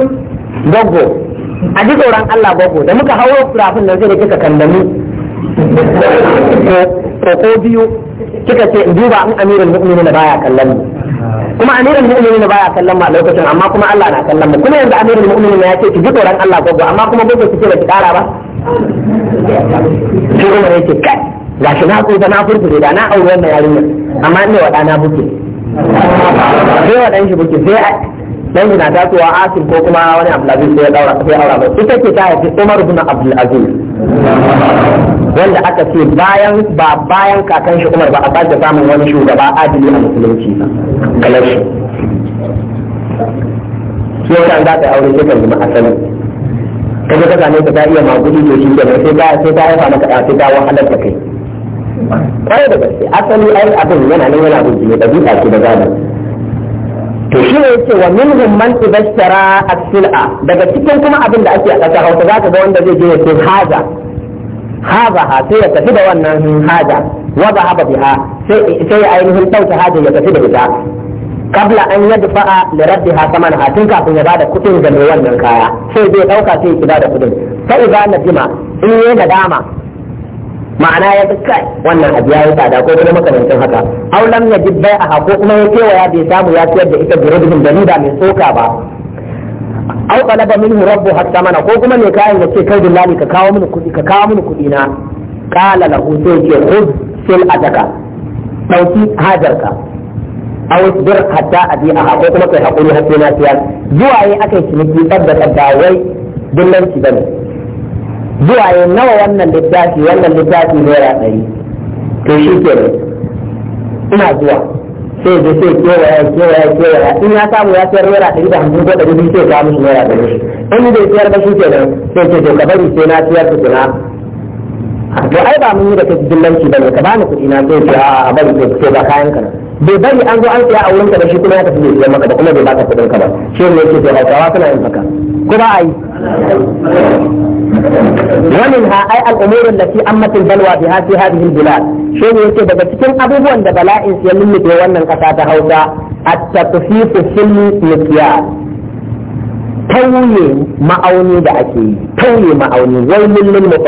gaggo a ji tsoron Allah bako da muka hauro firafin nan sai da kika kallami to ko biyu kika ce in duba in amirul mu'minin baya kallon kuma amirul mu'minin baya kallon a lokacin amma kuma Allah na kallon mu kuma yanzu amirul mu'minin ya ce ki ji tsoron Allah bako amma kuma bako kike da ki kara ba shi Umar yake kai shi na tsufa na furfure da na aure wannan yarinya amma ne wa ɗana buke sai wa shi buke sai dangi na tasowa asim ko kuma wani abdulaziz sai ya daura sai aura mai ita ce ta haifi umar ibn abdulaziz wanda aka ce bayan ba bayan kakan shi umar ba a sake samun wani shugaba adili a musulunci kalashi shi shi yasa za aure sai kan zama kaje ka same ka ta iya magudi to shi kenan sai ta sai ta haifa maka sai ta wahalar ka kai kwarai da gaske asali ai abin yana nan yana gudu ne dabi'a ce da gado to shi ne yake wa minhum man ibashara as-sil'a daga cikin kuma abin da ake a ƙasar Hausa zaka ga wanda zai je ya ce haza haza ha sai ya tafi da wannan haza wa zahaba biha sai sai ainihin sauta haza ya tafi da ita kabla an yadfa'a li raddiha samanha tun kafin ya bada kuɗin ga mai wannan kaya sai zai dauka sai ya da kuɗin fa na nadima in yayi nadama ma'ana ya kai wannan abu yi tsada ko kuma makamancin haka au lam yajid bai'aha ko kuma ya ya bai samu ya siyar da ita birodin da ba mai tsoka ba aw talaba minhu rabbu hatta mana ko kuma ne kayan da ke kai billahi ka kawo mini kuɗi ka kawo mini kuɗi na qala lahu sai ce khudh sil adaka dauki hajarka au bir hatta adi'aha ko kuma kai hakuri har na siyar zuwa yi akai ciniki tabbata da wai dillanci bane zuwa ya nawa wannan littafi wannan littafi naira ɗari to shi ke ina zuwa sai da sai kewaya kewaya kewaya in ya samu ya sayar naira ɗari da hamsin ko ɗari sai ya mishi naira ɗari in bai sayar ba shi ke sai ce to ka bari sai na sayar da kuna to ai ba mun yi da kai dillanci ba ne ka bani kuɗi na sai ce a bari sai ce ba kayan ka bai bari an zo an saya a wurin ka da shi kuma ya tafi bai sayar maka da kuma bai baka kuɗin ka ba shi ne yake to hausawa suna yin haka ko ba a yi ومنها أي الأمور التي أمت البلوى بها في هذه البلاد شيء يكي daga cikin abubuwan da bala'in ya lullube wannan ƙasa ta Hausa at-takfif fil miqyas tauye ma'auni da ake yi tauye ma'auni wailul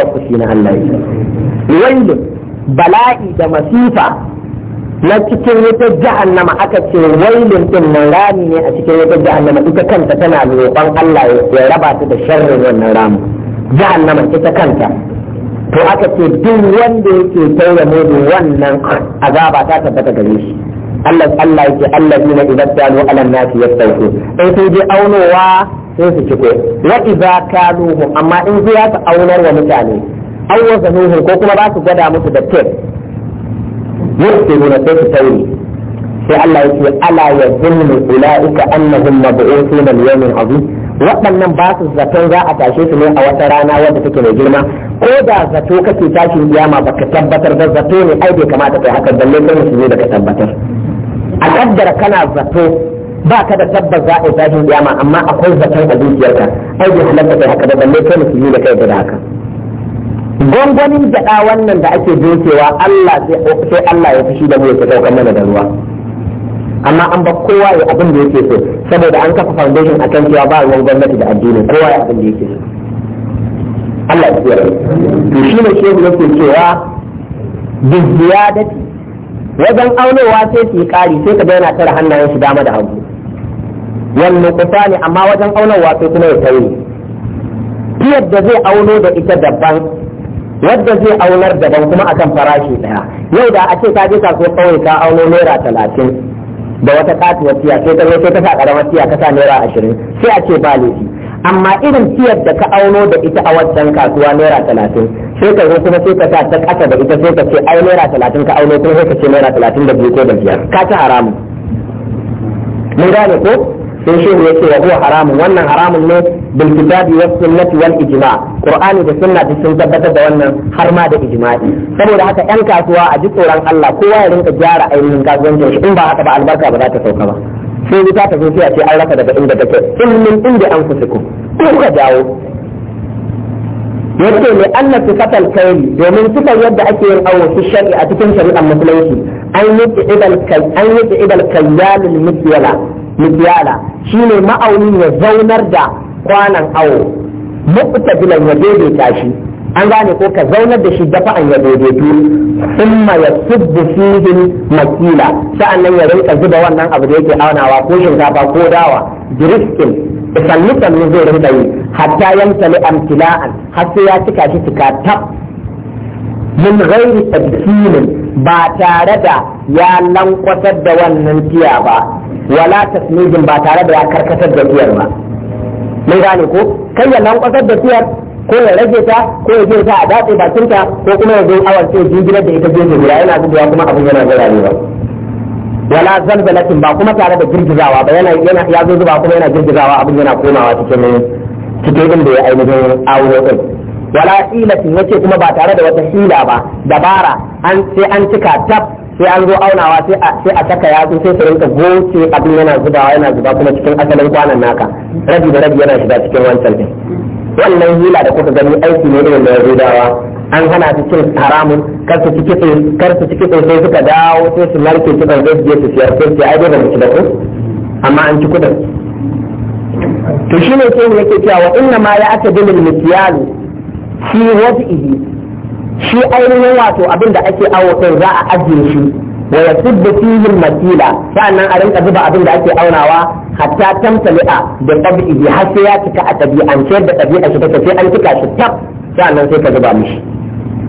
Allah bala'i da masifa na cikin wata jahannama aka ce wailin din nan rami ne a cikin wata jahannama ita kanta tana roƙon Allah ya raba ta da sharrin wannan ramu jahannama ita kanta to aka ce duk wanda yake taura mudu wannan azaba ta tabbata gare shi Allah Allah yake Allah ne idan tanu alan nasi yastauku in sun je aunowa sai su ciko wa idza kaluhu amma in zai ta aunar wa mutane awwazanuhu ko kuma ba su gwada musu da tape يبطلون في التوحيد sai Allah yake ala ya zunnu ula'ika annahum mab'uthun al-yawmin azim waɗannan ba su zaton za a tashe su ne a wata rana wadda take mai girma ko da zato kake tashin kiyama baka tabbatar da zato ne ai bai kamata kai haka balle kai musulmi baka tabbatar a kaddara kana zato ba ka da tabbas za a tashin kiyama amma akwai zaton a zuciyarka ai bai halatta kai haka da balle kai musulmi da kai da haka gwangwanin gyaɗa wannan da ake dokewa Allah sai Allah ya fushi da mu ya saukar mana da ruwa amma an ba kowa ya abin da yake so saboda an kafa foundation a kan cewa ba ruwan gwamnati da addini kowa ya abin da yake so Allah ya tsira to shi ne shehu yake cewa biziyadati wajen aunowa sai su yi ƙari sai ka daina tara hannayen shi dama da hagu wannan kusa ne amma wajen aunowa sai kuma ya tauye fiyar da zai auno da ita daban wadda zai aunar daban kuma akan farashi daya yau da a ce ka je kasuwa kawai ka auno naira talatin da wata katuwar tiya sai ta zo sai ta sa karamar tiya ka sa naira ashirin sai a ce ba laifi amma irin tiyar da ka auno da ita a wancan kasuwa naira talatin sai ka zo kuma sai ka sa ta kasa da ita sai ka ce ai naira talatin ka auno kuma sai ka ce naira talatin da biyu ko da biyar ka ci haramun mun gane ko sai shehu yake wa huwa haramun wannan haramun ne bil kitabi was sunnati wal ijma qur'ani da sunna duk sun tabbatar da wannan har ma da ijma'i saboda haka yan kasuwa a ji tsoron Allah kowa ya rinka gyara ainihin kasuwancin shi in ba haka ba albarka ba za ta sauka ba sai wuta ta zo sai a ce an raka daga inda take in min inda an fusuku ko ka dawo yace mai anna sifatal kaili domin sifar yadda ake yin awo su shari'a a cikin shari'ar musulunci an yi idal kai an yi idal shine ma'auni ya zaunar da kwanan awo mubtajilan ya daidaita shi an gane ko ka zaunar da shi dafa'an ya daidaitu kuma ya subbu fihi makila sa'annan ya rinka zuba wannan abu da yake aunawa ko shinkafa ko dawa biriskin isallisan zai rinka yi hatta yamtali amtila'an har sai ya cika shi cika tab min ghairi tadkinin ba tare da ya lankwatar da wannan tiya ba wala tasmijin ba tare da ya karkatar da tiyar ba mun gane ko kai ya lankwasar da tiyar ko ya rage ta ko ya je ta a datse bakin ta ko kuma ya zo awar sai jingirar da ita gefe guda yana zubewa kuma abin yana ne ba wala zalzalatin ba kuma tare da girgizawa ba yana yana ya zo zuba kuma yana girgizawa abin yana komawa cikin cikin inda ya ainihin auro din wala ilatin yace kuma ba tare da wata hila ba dabara an sai an cika tab sai an zo aunawa sai a sai a saka yatsu sai su rinka goce abin yana zubawa yana zuba kuma cikin asalin kwanan naka rabi da rabi yana shiga cikin wancan din wannan hila da kuka gani aiki ne irin ya dawa an hana su cin haramun kar su ci kitse su sai suka dawo sai su narke kitsen sai su su siyar sai ai da mu da ku amma an ci kudin to shi ne sai yake cewa inna ma ya aka dalil misyalu fi wadihi shi ainihin wato abin da ake awo kai za a ajiye shi wa yasuddu fihi al-masila sa'annan a rinka zuba abin da ake aunawa hatta tamtali'a da tabi'i har sai ya cika a tabi'ance da tabi'a shi take sai an cika shi tab sa'annan sai ka zuba mishi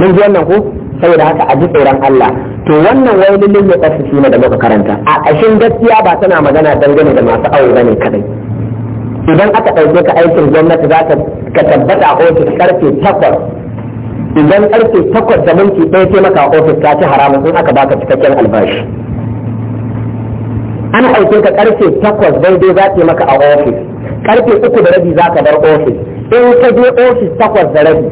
mun ji wannan ko saboda haka a ji tsoron Allah to wannan wai lillin ya tsaffi da muka karanta a ƙashin gaskiya ba tana magana dangane da masu aure bane kadai idan aka ɗauke ka aikin gwamnati za ka tabbata a ofis karfe takwas idan karfe takwas da minti ɗaya ke maka ofis ka ci haramun in aka baka cikakken albashi ana aikin ka karfe takwas daidai za ta maka a ofis karfe uku da rabi za ka bar ofis in ka je ofis takwas da rabi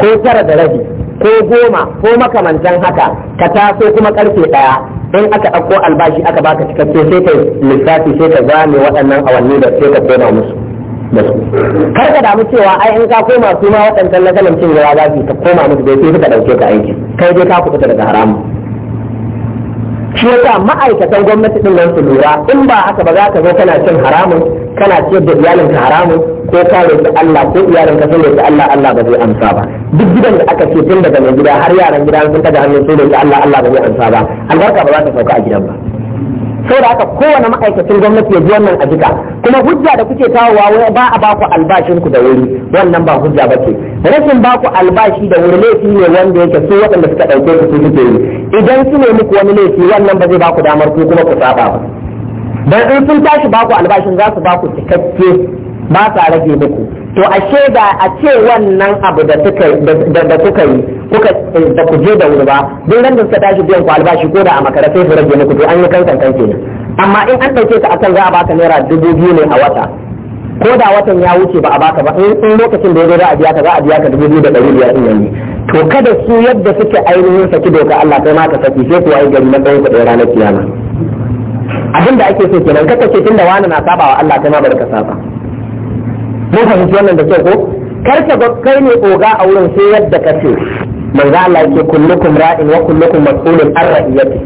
ko tara da rabi ko goma ko makamantan haka ka taso kuma karfe ɗaya in aka ɗauko albashi aka baka cikakke sai ka lissafi sai ka zame waɗannan awanni da sai ka koma musu kar ka damu cewa ai in ka koma su ma waɗancan na ganin cin gaba za ka koma musu dai sai ka ɗauke ka aiki kai dai ka fita daga haramu shi yasa ma'aikatan gwamnati ɗin nan su lura in ba haka ba za ka zo kana cin haramun kana ciyar da iyalinka haramun ko ka roki Allah ko iyalan ka sun roki Allah Allah ba zai amsa ba duk gidan da aka ce tun daga mai gida har yaran gida sun kada hannu sun roki Allah Allah ba zai amsa ba albarka ba za ta sauka a gidan ba saboda haka kowane ma'aikacin gwamnati ya ji wannan a jika kuma hujja da kuke kawowa wai ba a baku albashin ku da wuri wannan ba hujja ba ce rashin baku albashi da wuri laifi ne wanda yake su waɗanda suka ɗauke su suke yi idan su ne muku wani laifi wannan ba zai baku damar ku kuma ku saba ba dan in sun tashi baku albashin za su baku cikakke ba sa rage muku to ashe da a ce wannan abu da suka da suka yi kuka eh, da ku je da wuri ba duk ran da suka tashi biyan ku albashi ko da a makara sai su rage muku to an yi kankan kanke ne. amma in an dauke ka akan za a baka naira dubu biyu ne a wata ko da watan ya wuce ba a baka ba in lokacin da ya zo za a biya ka za a biya ka dubu biyu da ɗari biyar ɗin yanzu to kada su yadda suke ainihin saki doka Allah kai ma ka saki sai ku wayi gari na ɗan kuɗin ranar kiyama abin da ake so kenan kaka ce tunda wani na saba wa Allah kai ma bari ka saba mun fahimci wannan da kyau ko kar ka ga kai ne oga a wurin sai yadda ka ce manzo Allah yake kullukum ra'in wa kullukum mas'ulun an ra'iyati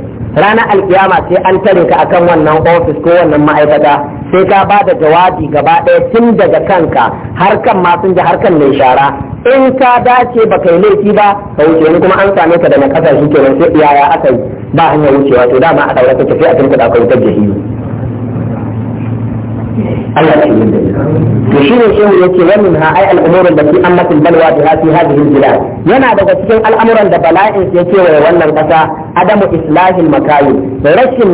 ranar alkiyama sai an tare ka akan wannan ofis ko wannan ma'aikata sai ka ba da jawabi gaba ɗaya tun daga kanka har kan masun har kan mai shara in ka dace ba kai laifi ba ka wuce ni kuma an same ka da na ƙasa shi kenan sai iyaya aka yi ba hanyar wucewa to dama a ɗaura ka sai a tun ka da akwai ta jahilu Allah ya yi to shi ne shehu yake wannan ha ai al'umuran da fi ammatin balwa da fi hadhihi bilad yana daga cikin al'amuran da bala'in yake wa wannan kasa adamu islahil makayi rashin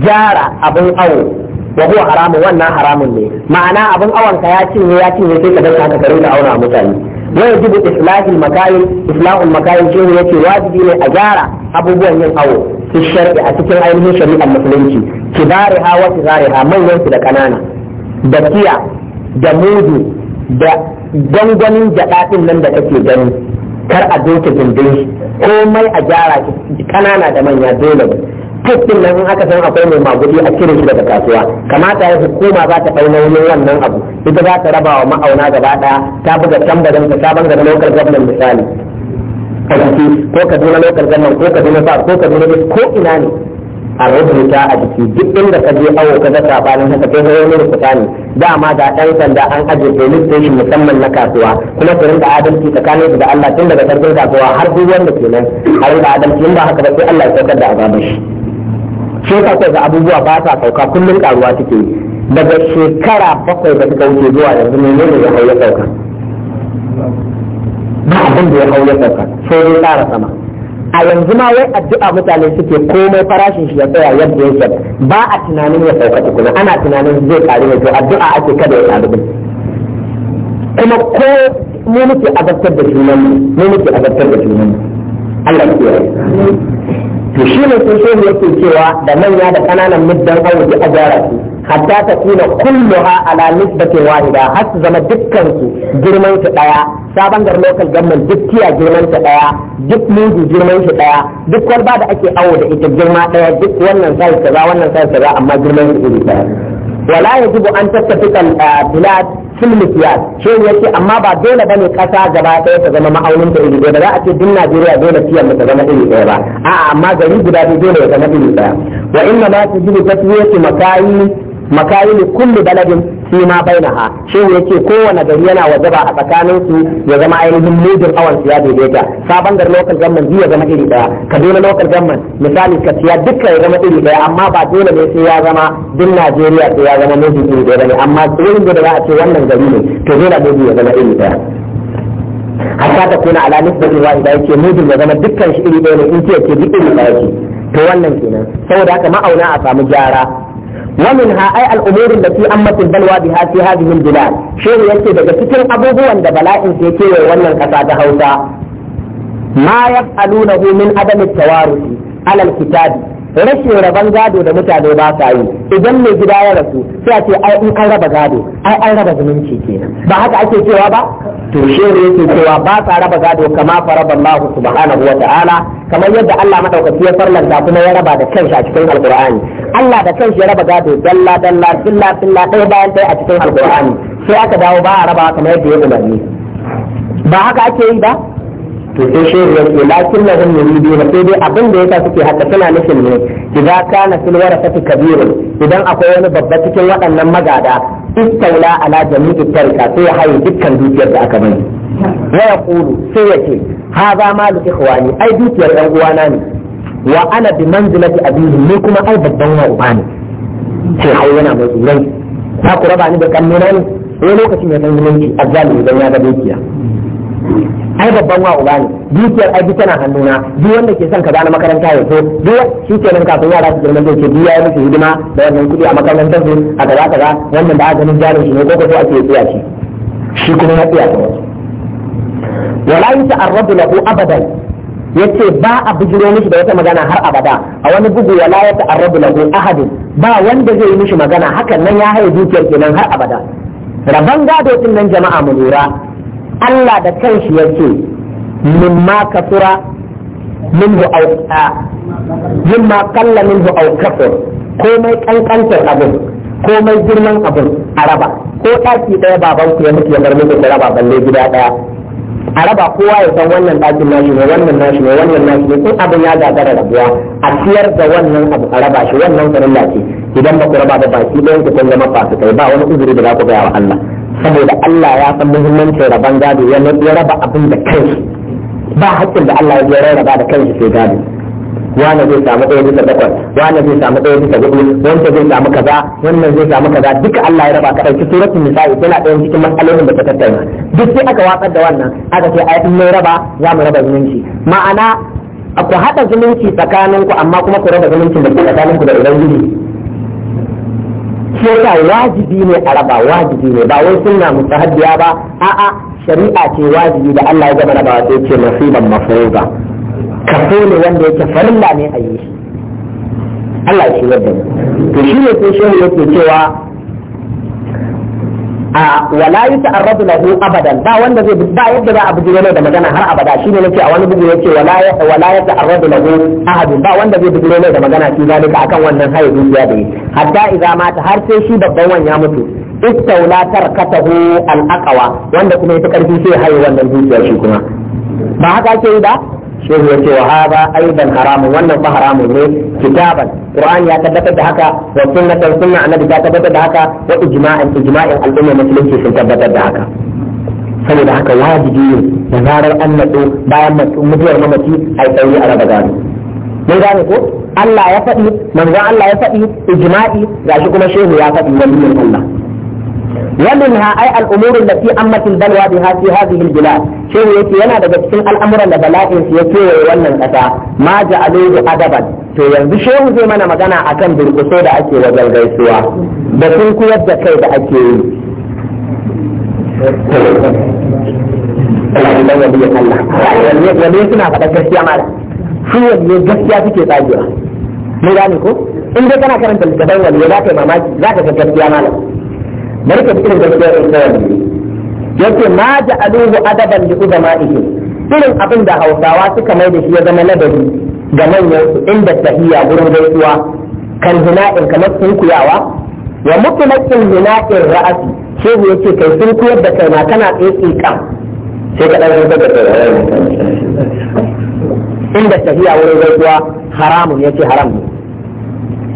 jara Abun, awo wa huwa haramun wannan haramun ne ma'ana abin awon ka ya cinye ya cinye sai ka dauka ka kare da auna mutane wa yajibu islahil makayi islahul makayi shehu yake wajibi ne a gyara abubuwan yin awo fi shar'i a cikin ainihin shari'ar musulunci kibariha wa kibariha manyan su da kanana da kiya da mudu da ganganin jaɗaɗin nan da kake gani kar a doke gindin komai a gyara shi kanana da manya dole ne nan in aka san akwai mai maguɗi a cire shi daga kasuwa kamata ya hukuma za ta ɗau nauyin wannan abu ita za ta raba wa ma'auna gaba ɗaya ta buga da tambarin ta banga da local government misali a ko kaduna local government ko kaduna sa ko kaduna ko ina ne a rubuta a jiki duk inda ka je awo ka ga bani haka kai ga wani rubuta ne dama da dan sanda an aje police station musamman na kasuwa kuma su da adalci tsakanin da Allah tun daga sarkin kasuwa har duk wanda kenan a da adalci in ba haka ba sai Allah ya saukar da azabar shi shi yasa ga abubuwa ba sa sauka kullun karuwa take daga shekara bakwai da suka wuce zuwa yanzu ne ne ya hauya sauka ba abin da ya hau sauka sai ya tsara sama a yanzu ma wai addu'a mutane suke komai farashin shi ya tsaya yadda yake ba a tunanin ya sauka tukuna ana tunanin zai karu ne to addu'a ake kada ya ne kuma ko mu muke azabtar da junan mu muke azabtar da junan Allah ya yi. to shi ne sun shehu yake cewa da manya da ƙananan muddan auki a gyara su hatta ta kuna kulluha ala nisbatin wahida har su zama dukkan su girman su daya sabon gar local government duk tiya girman su daya duk mudu girman shi daya duk kwalba da ake awo da ita girma daya duk wannan sai kaza wannan sai kaza amma girman su iri daya wala yajibu an tattafika ah, bilad fil miqyas shi yace amma ba dole bane kasa gaba ɗaya ta zama ma'aunin da iri ɗaya ba za a ce duk Najeriya dole mu ta zama iri ɗaya ba a'a amma gari guda biyu dole ya zama iri ɗaya wa inna ma tujibu taswiyatu makayi makayin kulli baladin fi ma bainaha shi yake kowane gari yana wajaba a tsakanin su ya zama ainihin mudin awan siya daidaita sabon gari local government zai zama iri daya kaduna local government misali ka siya duka ya zama iri daya amma ba dole ne sai ya zama duk najeriya sai ya zama mudin iri daya ne amma tsirin da za a ce wannan gari ne to dole ne ya zama iri daya hatta ta kuna ala nisbatin wahida yake mudin ya zama dukkan shi iri daya ne in ce duk iri daya ce to wannan kenan saboda haka ma'auna a samu gyara ومنها أي الأمور التي أمت البلوى بها في هذه البلاد شيء يكي دقى تكين أبوه وان دبلاء سيكي وانا كتاد هوسا ما يفعلونه من عدم التوارث على الكتاب rashin rabon gado da mutane ba sa yi idan mai gida ya rasu sai a ce ai in an raba gado ai an raba zumunci kenan ba haka ake cewa ba to shehu yake cewa ba sa raba gado kama faraban Allah subhanahu wa ta'ala kamar yadda Allah madaukaki ya farlanta kuma ya raba da kanshi a cikin alqur'ani Allah da kanshi ya raba gado dalla dalla filla filla ɗaya bayan dai a cikin alqur'ani sai aka dawo ba a raba kamar yadda ya umarni ba haka ake yi ba to sai shehu ya ce lakin lahum yuridu na sai dai abin da yasa suke haka suna nufin ne idan kana fil warasati kabirun idan akwai wani babba cikin waɗannan magada istaula ala jami'i tarika sai ya haye dukkan dukiyar da aka bayar ya kulu sai ya ce haza malu ikhwani ai dukiyar ɗan uwana ne wa ana bi manzilati abihi ne kuma ai babban wa uba ne sai hau yana mai tsoron ta ku raba ni da kan nuna ne wani lokacin ya san zumunci a zalimi idan ya ga dukiya ai babban wa uba ne dukiyar ai duk tana hannuna duk wanda ke son ka na makaranta ya so duk shi kenan kafin yara su girma zai ce duk ya yi musu hidima da wannan kuɗi a makarantar su a kaza kaza wannan da aka ganin jarin shi ne ko ko ake tsaya shi shi kuma na tsaya ta wasu wala yuta'arradu lahu abadan yace ba a bijiro mishi da wata magana har abada a wani bugu wala ya na lahu ahadin ba wanda zai yi mishi magana hakan nan ya haye dukiyar kenan har abada rabban gado din nan jama'a mu lura Allah da kanshi yace ma kasura minhu aw ma qalla minhu aw kafur komai kankantar abin komai girman abu a raba ko ɗaki ɗaya babanku ya mutu ya bar muku raba balle gida ɗaya a raba kowa ya san wannan ɗakin nashi ne wannan nashi ne wannan nashi ne in abin ya gagara rabuwa a siyar da wannan abu a raba shi wannan farilla ce idan ba ku raba da baki ɗayan ku kun zama fasikai ba wani uzuri da za ku gaya wa Allah saboda Allah ya san muhimmancin raban gado ya raba abin da kanshi ba haƙƙin da Allah ya raba da kanshi sai gado wani zai samu ɗaya bisa takwas wani zai samu ɗaya bisa hudu wanda zai samu kaza wannan zai samu kaza duka Allah ya raba ka ɗauki suratul nisa'i tana ɗaya cikin matsalolin da ta tattauna duk sai aka watsar da wannan aka ce ai in raba za mu raba zumunci ma'ana ku haɗa zumunci tsakaninku amma kuma ku raba zumuncin da ke tsakaninku da ubangiji shi yasa wajibi ne a raba wajibi ne ba wai sunna mustahabbiya ba a'a shari'a ce wajibi da Allah ya gama rabawa sai ce nasiban mafruza kaso ne wanda yake farilla ne a yi Allah ya shigar da mu to shi ne sai shehu yake cewa a wala yi ta'arradu lahu abadan ba wanda zai ba yadda za a buji wani da magana har abada shine nace a wani bugu yace wala ya wala ya ta'arradu lahu ahadun ba wanda zai buji wani da magana shi zalika akan wannan hayi ya da yi hatta idza mata har sai shi babban wan ya mutu istaula tarkatahu al-aqwa wanda kuma yafi karfi sai hayi wannan dukiya shi kuma ba haka ake yi ba shehu ya ce wa haza aidan haramun wannan ba haramun ne kitaban qur'ani ya tabbatar da haka wa sunnatan sunna annabi ta tabbatar da haka wa ijma'an ijma'in al'umma musulunci sun tabbatar da haka saboda haka wajibi ne da zarar an natsu bayan mutuwar mamaci ai tsauri a raba gado mun gane ko Allah ya faɗi manzon Allah ya faɗi ijma'i gashi kuma shehu ya faɗi waliyin Allah ومنها أي الأمور التي أمت البلوى بها في هذه البلاد شيء يتي أنا بجتكين الأمر اللي بلاء يتي ويوانا كذا ما جعلوه أدبا to yanzu shehu zai mana magana kan durƙuso da ake wajen gaisuwa da sun kuyar da kai da ake yi yanzu suna faɗa gaskiya mara su yanzu gaskiya suke tsagewa mun gane ko in dai kana karanta littattafan waliyo za ka yi mamaki za ka ga gaskiya malam bari ka cikin gaskiya in kawai Ya yace ma ja'aluhu adaban li uzama'ihi irin abin da Hausawa suka mai da shi ya zama ladabi ga manyan su inda tahiyya gurin gaisuwa kan hina'in kamar sunkuyawa wa mutlaqin hina'in ra'asi shehu ce kai sunkuyar da kai kana tsaye kan sai ka dan da inda tahiyya wurin gaisuwa haramun yace haram ne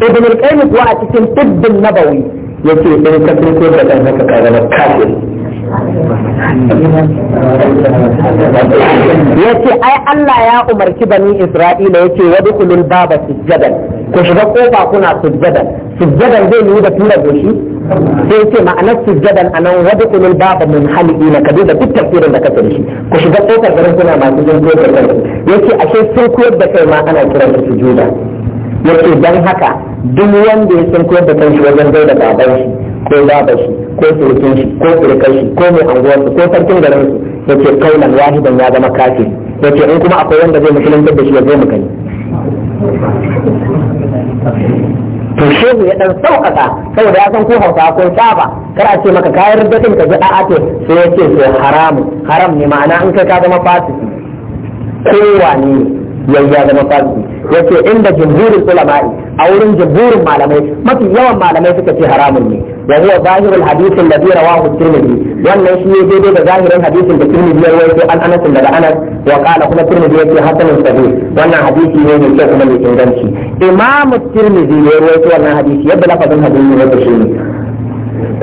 ibn al-qayyim kuwa a cikin tibbin nabawi yake in ka tun ko da ɗan haka ka zama kafin yace ai Allah ya umarci bani Isra'ila yace wadkhulul baba sujjadan ku shiga kofa kuna sujjadan sujjadan zai yi da tura goshi sai yace ma'anar sujjadan anan wadkhulul baba min haliina ka da duk tafsirin da kake da shi ku shiga kofar garin kuna masu jin kofar garin yace ashe sun koyar da kai ma ana kiran su sujuda yace dan haka duk wanda ya san koyar da kanshi wajen bai da baban shi ko baba shi ko surukin shi ko surukai shi ko mai anguwar ko sarkin garin su yace kaulan wahidan ya zama ya yace in kuma akwai wanda zai musulunta da shi ya zo mu kai to shehu ya dan sauƙaƙa saboda ya san ko hausa ko saba kar a ce maka kayar da ka ji a'a to sai ya ce to haramu haram ne ma'ana in kai ka zama fasiki kowa ne ya zama fasiki yace inda jumhurul ulama'i a wurin jumhurin malamai mafi yawan malamai suka ce haramun ne wa huwa zahirul hadith alladhi rawahu tirmidhi wannan shi ne daidai da zahirin hadisin da tirmidhi ya rawaito an anas daga anas wa qala kuma tirmidhi yace hasanun sahih wannan hadisi ne mai kyau kuma mai inganci imam tirmidhi ya rawaito wannan hadisi yadda lafazin hadisi ne da shi ne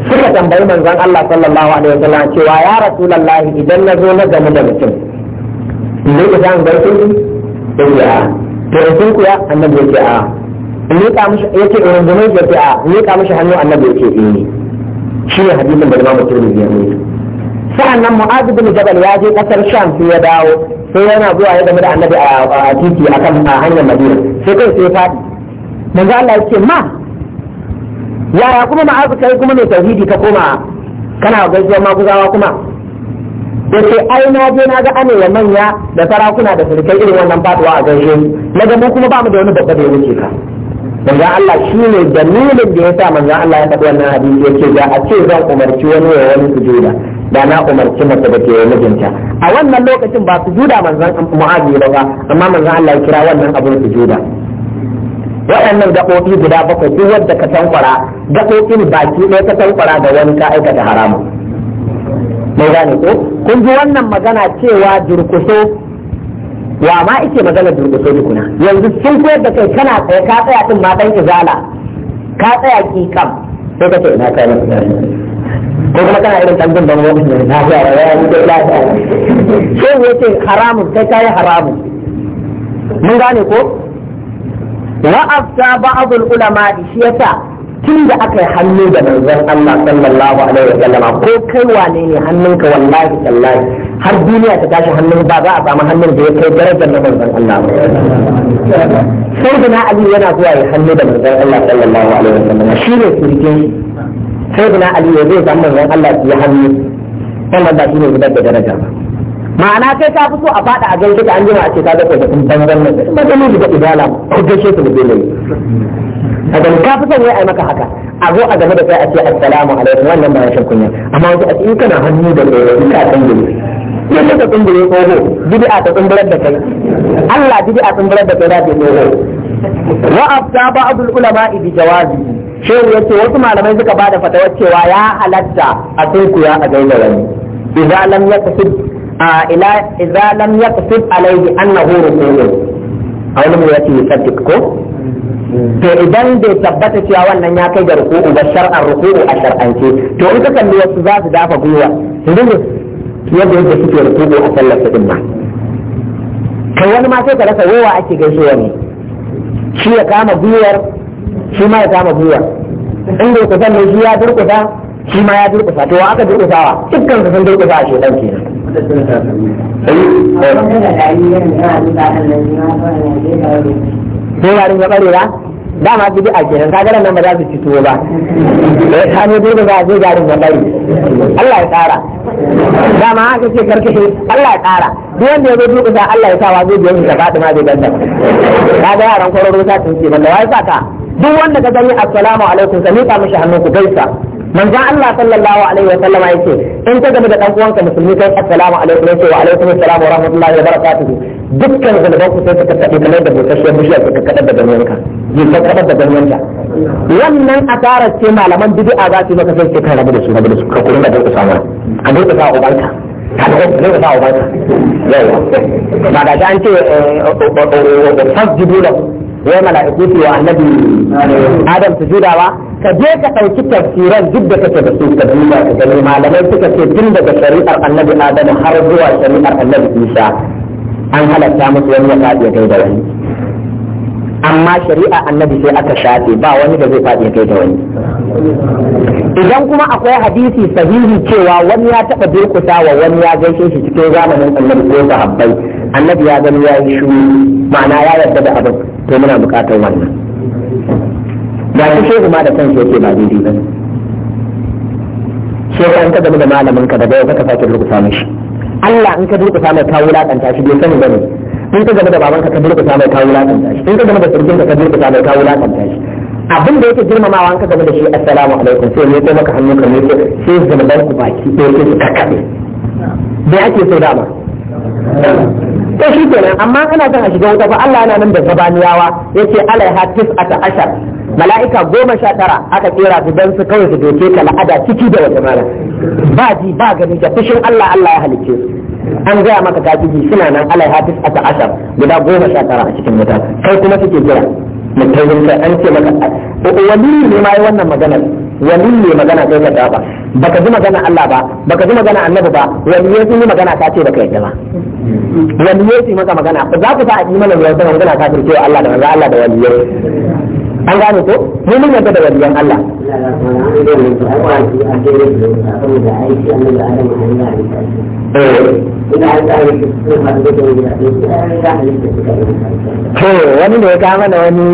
suka tambayi manzon Allah sallallahu alaihi wasallam cewa ya rasulullahi idan nazo na zama da mutum ne idan gaishe shi ya ah, to in sun kuya annabi yake a yi mishi yake in rungume shi yake a yi mishi hannu annabi yake eh shi ne hadisin da Imam Tirmidhi ya rawaito sa'annan Mu'adh bin Jabal ya je kasar Sham sai ya dawo sai yana zuwa ya game da annabi a titi akan a hanyar Madina sai kai sai faɗi. manzo Allah yake ma yaya kuma ma'azu kai kuma mai tauhidi ka koma kana gaisuwa maguzawa kuma yace ai na je na ga ane manya da sarakuna da sulkai irin wannan faduwa a gaishe na ga mu kuma ba mu da wani babba da ya wuce ka manzan Allah shi ne dalilin da ya sa manzan Allah ya faɗi wannan hadisi ya ce da a ce zan umarci wani wa wani sujuda da na umarci mace da ke wa mijinta a wannan lokacin ba su juda manzan mu'azi ba ba amma manzan Allah ya kira wannan abin su juda. waɗannan gaɓoɓi guda bakwai duk wadda ka tankwara gaɓoɓin baki ɗaya ka tankwara da wani ka aikata haramun kun gane ko kun ji wannan magana cewa durkuso wa ma ike magana durkuso kuna yanzu sun koyar da kai kana tsaye ka tsaya din ma dan izala ka tsaya ki kam sai ka ina kai na ko kuma kana irin kalbin ban wani ne na ga ya ni da lafiya sai yace haramun kai kai haramun mun gane ko wa afta ba'd ulama shi yasa tun da aka yi hannu da manzon Allah sallallahu alaihi wa sallama ko kai wane ne hannunka wallahi tallahi har duniya ta tashi hannun ba za a samu hannun da ya kai darajar na manzon Allah sai da na Ali yana zuwa ya hannu da manzon Allah sallallahu alaihi wa sallama shi ne surkin sai da na Ali ya zai samu manzon Allah ya hannu kuma da shi ne zubar da daraja ba ma'ana kai ta fi so a fada a gaske an jima a ce ta ga da kun banzan nan ba da mu da idala ko gaishe su da a ka fi son ya ai maka haka a zo a game da kai a ce assalamu alaikum wannan ba shan kunya amma wasu a in kana hannu da in ka tsangulu ne ne ka tsangulu tsoho a ta tsumburar da kai Allah a tsumburar da kai da ke tsoho wa afta ba'dul ulama bi jawazi shehu yace wasu malamai suka bada fatawa cewa ya halatta a tunkuya a gaida wani idza lam yakfid ila idza lam yakfid alayhi annahu rukunun a wani mu yace yusaddiq ko to idan bai tabbata cewa wannan ya kai ga ruku'u ba shar'an ruku'u a shar'ance to in ka kalli wasu za su dafa gwiwa rumus yadda yadda suke ruku'u a sallar su din ma kai wani ma sai ka rasa yawa ake gaishewa ne shi ya kama gwiwar shi ma ya kama gwiwar in durkusan ne shi ya durkusa shi ma ya durkusa to wa aka durkusawa dukkan su sun durkusa a shedan kenan Eh, ko warin ya barewa dama bi a kenan kagaran nan ba za su ci tuwo ba da ya kano dole ba zai garin ya bari Allah ya tsara dama haka ce karkashe Allah ya tsara duk wanda ya zo duka sa Allah ya tawa zai biyan ta Fatima bai ganta kaga yaran kwararo ta tunce banda wai saka duk wanda ka gani assalamu alaikum ka miƙa mishi hannu ku gaisa manzon Allah sallallahu alaihi wa sallama yace in ka gama da dan uwanka musulmi kai assalamu alaikum yace wa alaikum assalam wa rahmatullahi wa barakatuh dukkan zuluban ku sai suka tafi da busasshen bishiyar suka kada da ganyenka yin ka kada da ganyenka wannan asarar ce malaman bid'a za su maka sai ce kan rabu da su rabu da a duk ba da an ce eh, eh, eh, fasjudu lahu wai mala'iku su wa ka je ka ɗauki tafsiran duk da kake da su ka duba ka gani malamai suka ce tun daga shari'ar annabi adamu har zuwa shari'ar annabi isa an halatta musu wani ya faɗi ya kai da wani amma shari'a annabi sai aka shafe ba wani da zai faɗi ya kai da wani idan kuma akwai hadisi sahihi cewa wani ya taɓa durkusa wa wani ya gaishe shi cikin zamanin annabi ko sahabbai annabi ya gani ya yi shuru ma'ana ya yarda da abin to muna buƙatar wannan ga shi shehu ma da kansa yake ba daidai ba ne ka an ka zama da malamin ka daga yau ka sake durkusa mishi Allah in ka durkusa mai ka wulakanta shi bai sani bane in ka zama da baban ka ka durkusa mai ka wulakanta shi in ka zama da sarkin ka ka durkusa mai ka wulakanta shi abin da yake girmamawa in ka zama da shi assalamu alaikum sai ne kai maka hannu ka ne sai zama ku baki sai su kakkabe me ake so dama da shi kenan amma ana son a shiga wuta fa Allah yana nan da zabaniyawa yace alaiha tis'ata ashar mala'ika goma sha tara aka kera su don su kawai su doke ka la'ada ciki da wata mara ba ji ba gani da fushin Allah Allah ya halicce an gaya maka kafiji suna nan alaiha tis'ata ashar guda goma sha tara a cikin wuta kai kuma suke jira mutum kai an ce maka wani ne ma yi wannan maganar Wani ne magana kai ka ba baka ji magana Allah ba baka ji magana Annabi ba waliyu sun yi magana ka ce baka yadda ba Wani waliyu sun maka magana za ku sa a yi mana yau sanan magana ka cewa Allah da manzo Allah da waliyu an gane ko mu mun yarda da waliyan Allah to wani ne ya kama da wani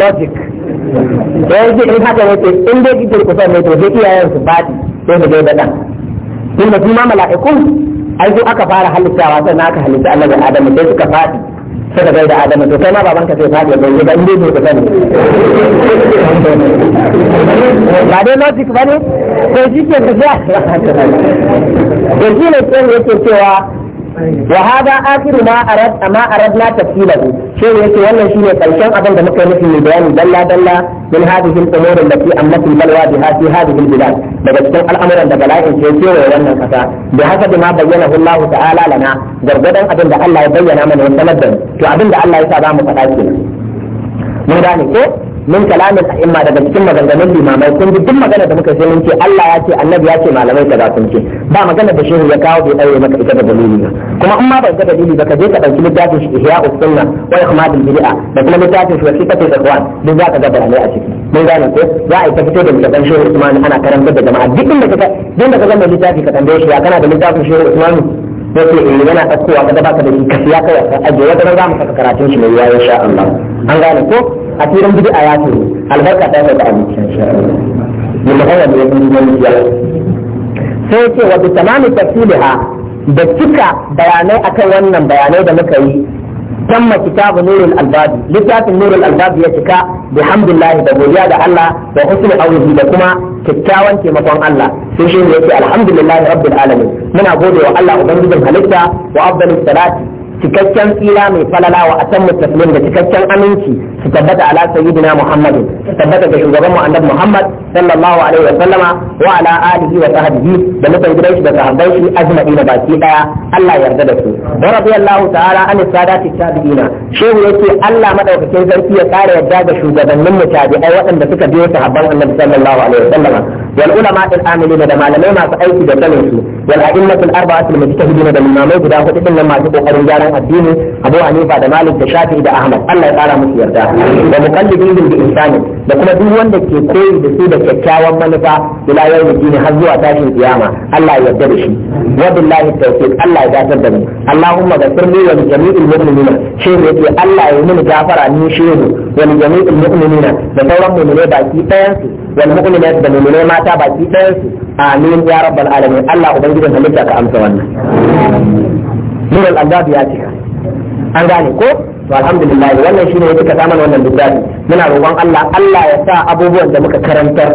logic da ya ce in haka ne in dai kike kusan ne to dai iyayen su fadi sai mu dai da tunda su ma mala'ikun ai aka fara halittawa sai na aka halitta Allah da Adamu sai suka fadi suka gai da adamu to kai ma baban ka sai fadi bai yi dan ne da sani ba dai logic ba ne to shi ke tafiya da shi ne yake cewa Wahaba hada akhiru ma arad ma aradna tafsilahu shi ne yake wannan shine karshen abin da muka nufi mai bayani dalla dalla min hadhihi al-umur allati ammat al-balwa biha fi hadhihi al-bilad daga cikin al'amuran da bala'in ke kewaye wannan kasa da haka ma bayyana Allah ta'ala lana gargadan abin da Allah ya bayyana mana wannan to abin da Allah ya sa za mu faɗa kenan mun gane ko min kalamin a'imma daga cikin maganganun limamai kun ji duk magana da muka sai mun ce Allah ya ce annabi ya ce malamai kaza sun ce ba magana da shehu ya kawo bai daure maka ita da dalili ba kuma in ma ba ga dalili ba ka je ka dauki littafin shi ihya sunna wa ihmadul bid'a da kuma littafin shi wasiqatul ikhwan duk za ka ga bayanai a ciki mun gane ko za a yi ta da littafin shehu Usman ana karanta da jama'a duk inda ka duk inda ka ga mai littafi ka tambaye da littafin Usman ya ce in eh, yana ka da baka da shi ka siya ajiye wata za mu karatun shi mai yawa insha Allah an gane ko a tiran bid'a ya ce albarka ta ta abu ne magana da yayin gaskiya sai ce wata tamami tafsiliha da cika bayanai akan wannan bayanai da muka yi تم كتاب نور الألباب لكتاب نور الألباب يتكا بحمد الله da godiya da Allah da husnul awzi da kuma kyakkyawan taimakon Allah sai shi ne yake alhamdulillahi rabbil alamin muna gode wa Allah ubangijin halitta wa afdalus salati cikakken tsira mai falalawa a can mutaslim da cikakken aminci su tabbata ala sayyidina muhammad su tabbata ga shugaban mu annabi muhammad sallallahu alaihi wa sallama wa ala alihi wa sahbihi da mutan gidan shi da sahabban shi azmadi na baki daya Allah yarda da su wa radiyallahu ta'ala an sadati tabi'ina shehu yake Allah madaukakin sarki ya kara yarda ga shugabannin mu tabi'ai waɗanda suka biyo sahabban annabi sallallahu alaihi wa sallama wal ulama al amilina da malamai masu aiki da sanin su wal a'immatul arba'atul mujtahidin da limamai guda hudu din nan masu kokarin gyaran malaman addini Abu Hanifa da Malik da Shafi da Ahmad Allah ya kara musu yarda da muqallidin bi insani da kuma duk wanda ke koyi da su da kyakkyawan manufa ila yawmin dini har zuwa tashin kiyama Allah ya yarda da shi wa billahi tawfiq Allah ya gafar da mu Allahumma ghafirli wa li jami'il mu'minina shi ne yake Allah ya mini gafara ni shehu wa li jami'il mu'minina da sauran mu'minai baki ɗayan su wal mu'minat da mu'minai mata baki ɗayan su amin ya rabbal alamin Allah ubangijin halitta ka amsa wannan mural albab ya cika an gane ko to alhamdulillah wannan shine ya cika samun wannan lissafi muna roƙon Allah Allah ya sa abubuwan da muka karantar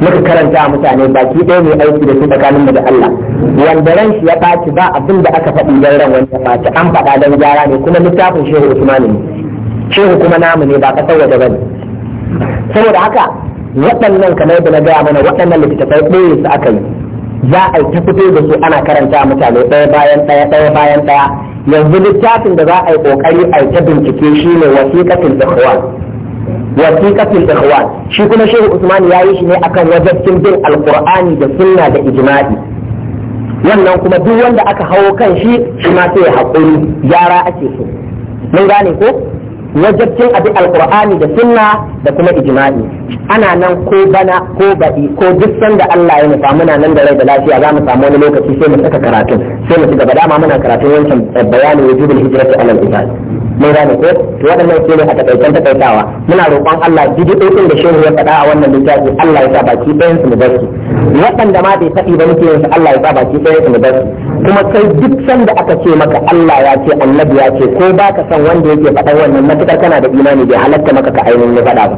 muka karanta mutane baki ɗaya mai aiki da su tsakanin mu da Allah wanda ran shi ya ɓaci ba abin da aka faɗi dan ran wanda ɓaci an faɗa dan gyara ne kuma littafin shehu Usman ne shehu kuma namu ne ba kasar waje bane saboda haka waɗannan kamar da na gaya mana waɗannan littattafai ɗaya su aka yi za a ta fito da su ana karanta mutane ɗaya bayan ɗaya ɗaya bayan ɗaya yanzu littafin da za a yi ƙoƙari a ta bincike shi ne wasiƙatul ikhwan wasiƙatul ikhwan shi kuma shehu usman ya yi shi ne akan wajabcin bin alqur'ani da sunna da ijma'i wannan kuma duk wanda aka hawo kan shi shi ma sai haƙuri gyara ake so mun gane ko wajabcin abin alkur'ani da sunna da kuma ijma'i ana nan ko bana ko baɗi ko duk sanda Allah ya nufa muna nan da rai da lafiya za mu samu wani lokaci sai mu saka karatun sai mu ci gaba dama muna karatun wancan eh, bayanin wujubul hijrati alal ibad mun gane ko to waɗannan a takaitan takaitawa muna roƙon Allah bidiyoyin da shehu ya faɗa a wannan littafi Allah ya sa baki ɗayan su mu bar su ma bai faɗi ba muke yin Allah ya sa baki ɗayan su mu bar kuma kai duk sanda aka ce maka Allah ya ce annabi ya ce ko ba ka san wanda yake faɗan wannan matuƙar kana da imani bai halatta maka ka ainihin ya faɗa ba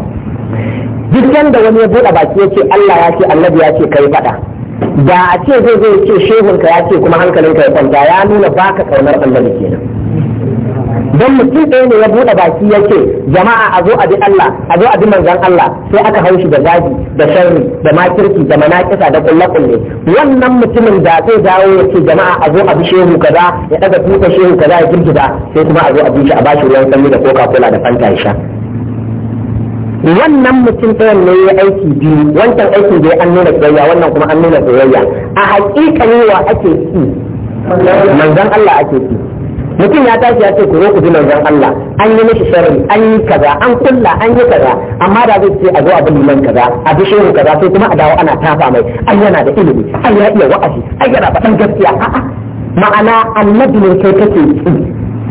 duk sanda wani ya buɗe baki ya ce Allah ya ce annabi ya ce kai faɗa da a ce zai zo ya ce shehunka ya ce kuma hankalinka ya kwanta ya nuna baka kaunar annabi kenan don mutum ɗaya ne ya buɗe baki ya ce jama'a a zo a bi Allah a zo a bi manzon Allah sai aka haushi da zagi da sharri da makirki da manakisa da kule kulle wannan mutumin da zai dawo ya ce jama'a a zo a bi shehu kaza ya daga tuta shehu kaza ya girgiza sai kuma a zo a bi shi a bashi ruwan sanyi da coca cola da fanta ya sha wannan mutum ɗayan ne ya aiki biyu wancan aikin da ya an nuna soyayya wannan kuma an nuna soyayya a haƙiƙa ne wa ake ci manzon Allah ake ci mutum ya tashi ya ce ku ku bi manzon Allah an yi mishi sharri an yi kaza an kulla an yi kaza amma da zai ce a zo a bi liman kaza a bi shehu kaza sai kuma a dawo ana tafa mai ai yana da ilimi ai ya iya wa'azi ai yana faɗan gaskiya a'a ma'ana annabi ne kai kake ki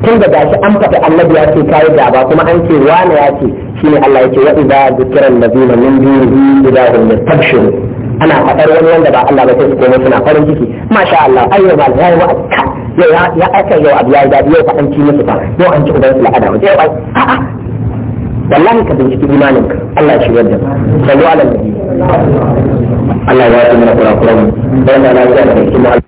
tun da gashi an faɗi annabi ya ce kai gaba kuma an ce wane ya ce shine Allah ya ce wa idza zikra allazina min dunihi idza hum yastabshirun ana faɗar wani wanda ba Allah ba sai su koma suna farin ciki masha Allah ai yau ba yayi wa ka yau ya aka yau abu yayi dadi yau fa an ci musu fa yau an ci uban su la'ada yau ai a a wallahi ka binciki imanin ka Allah ya shigar da sallu ala nabi Allah ya yi mana kurakuran dan Allah ya yi mana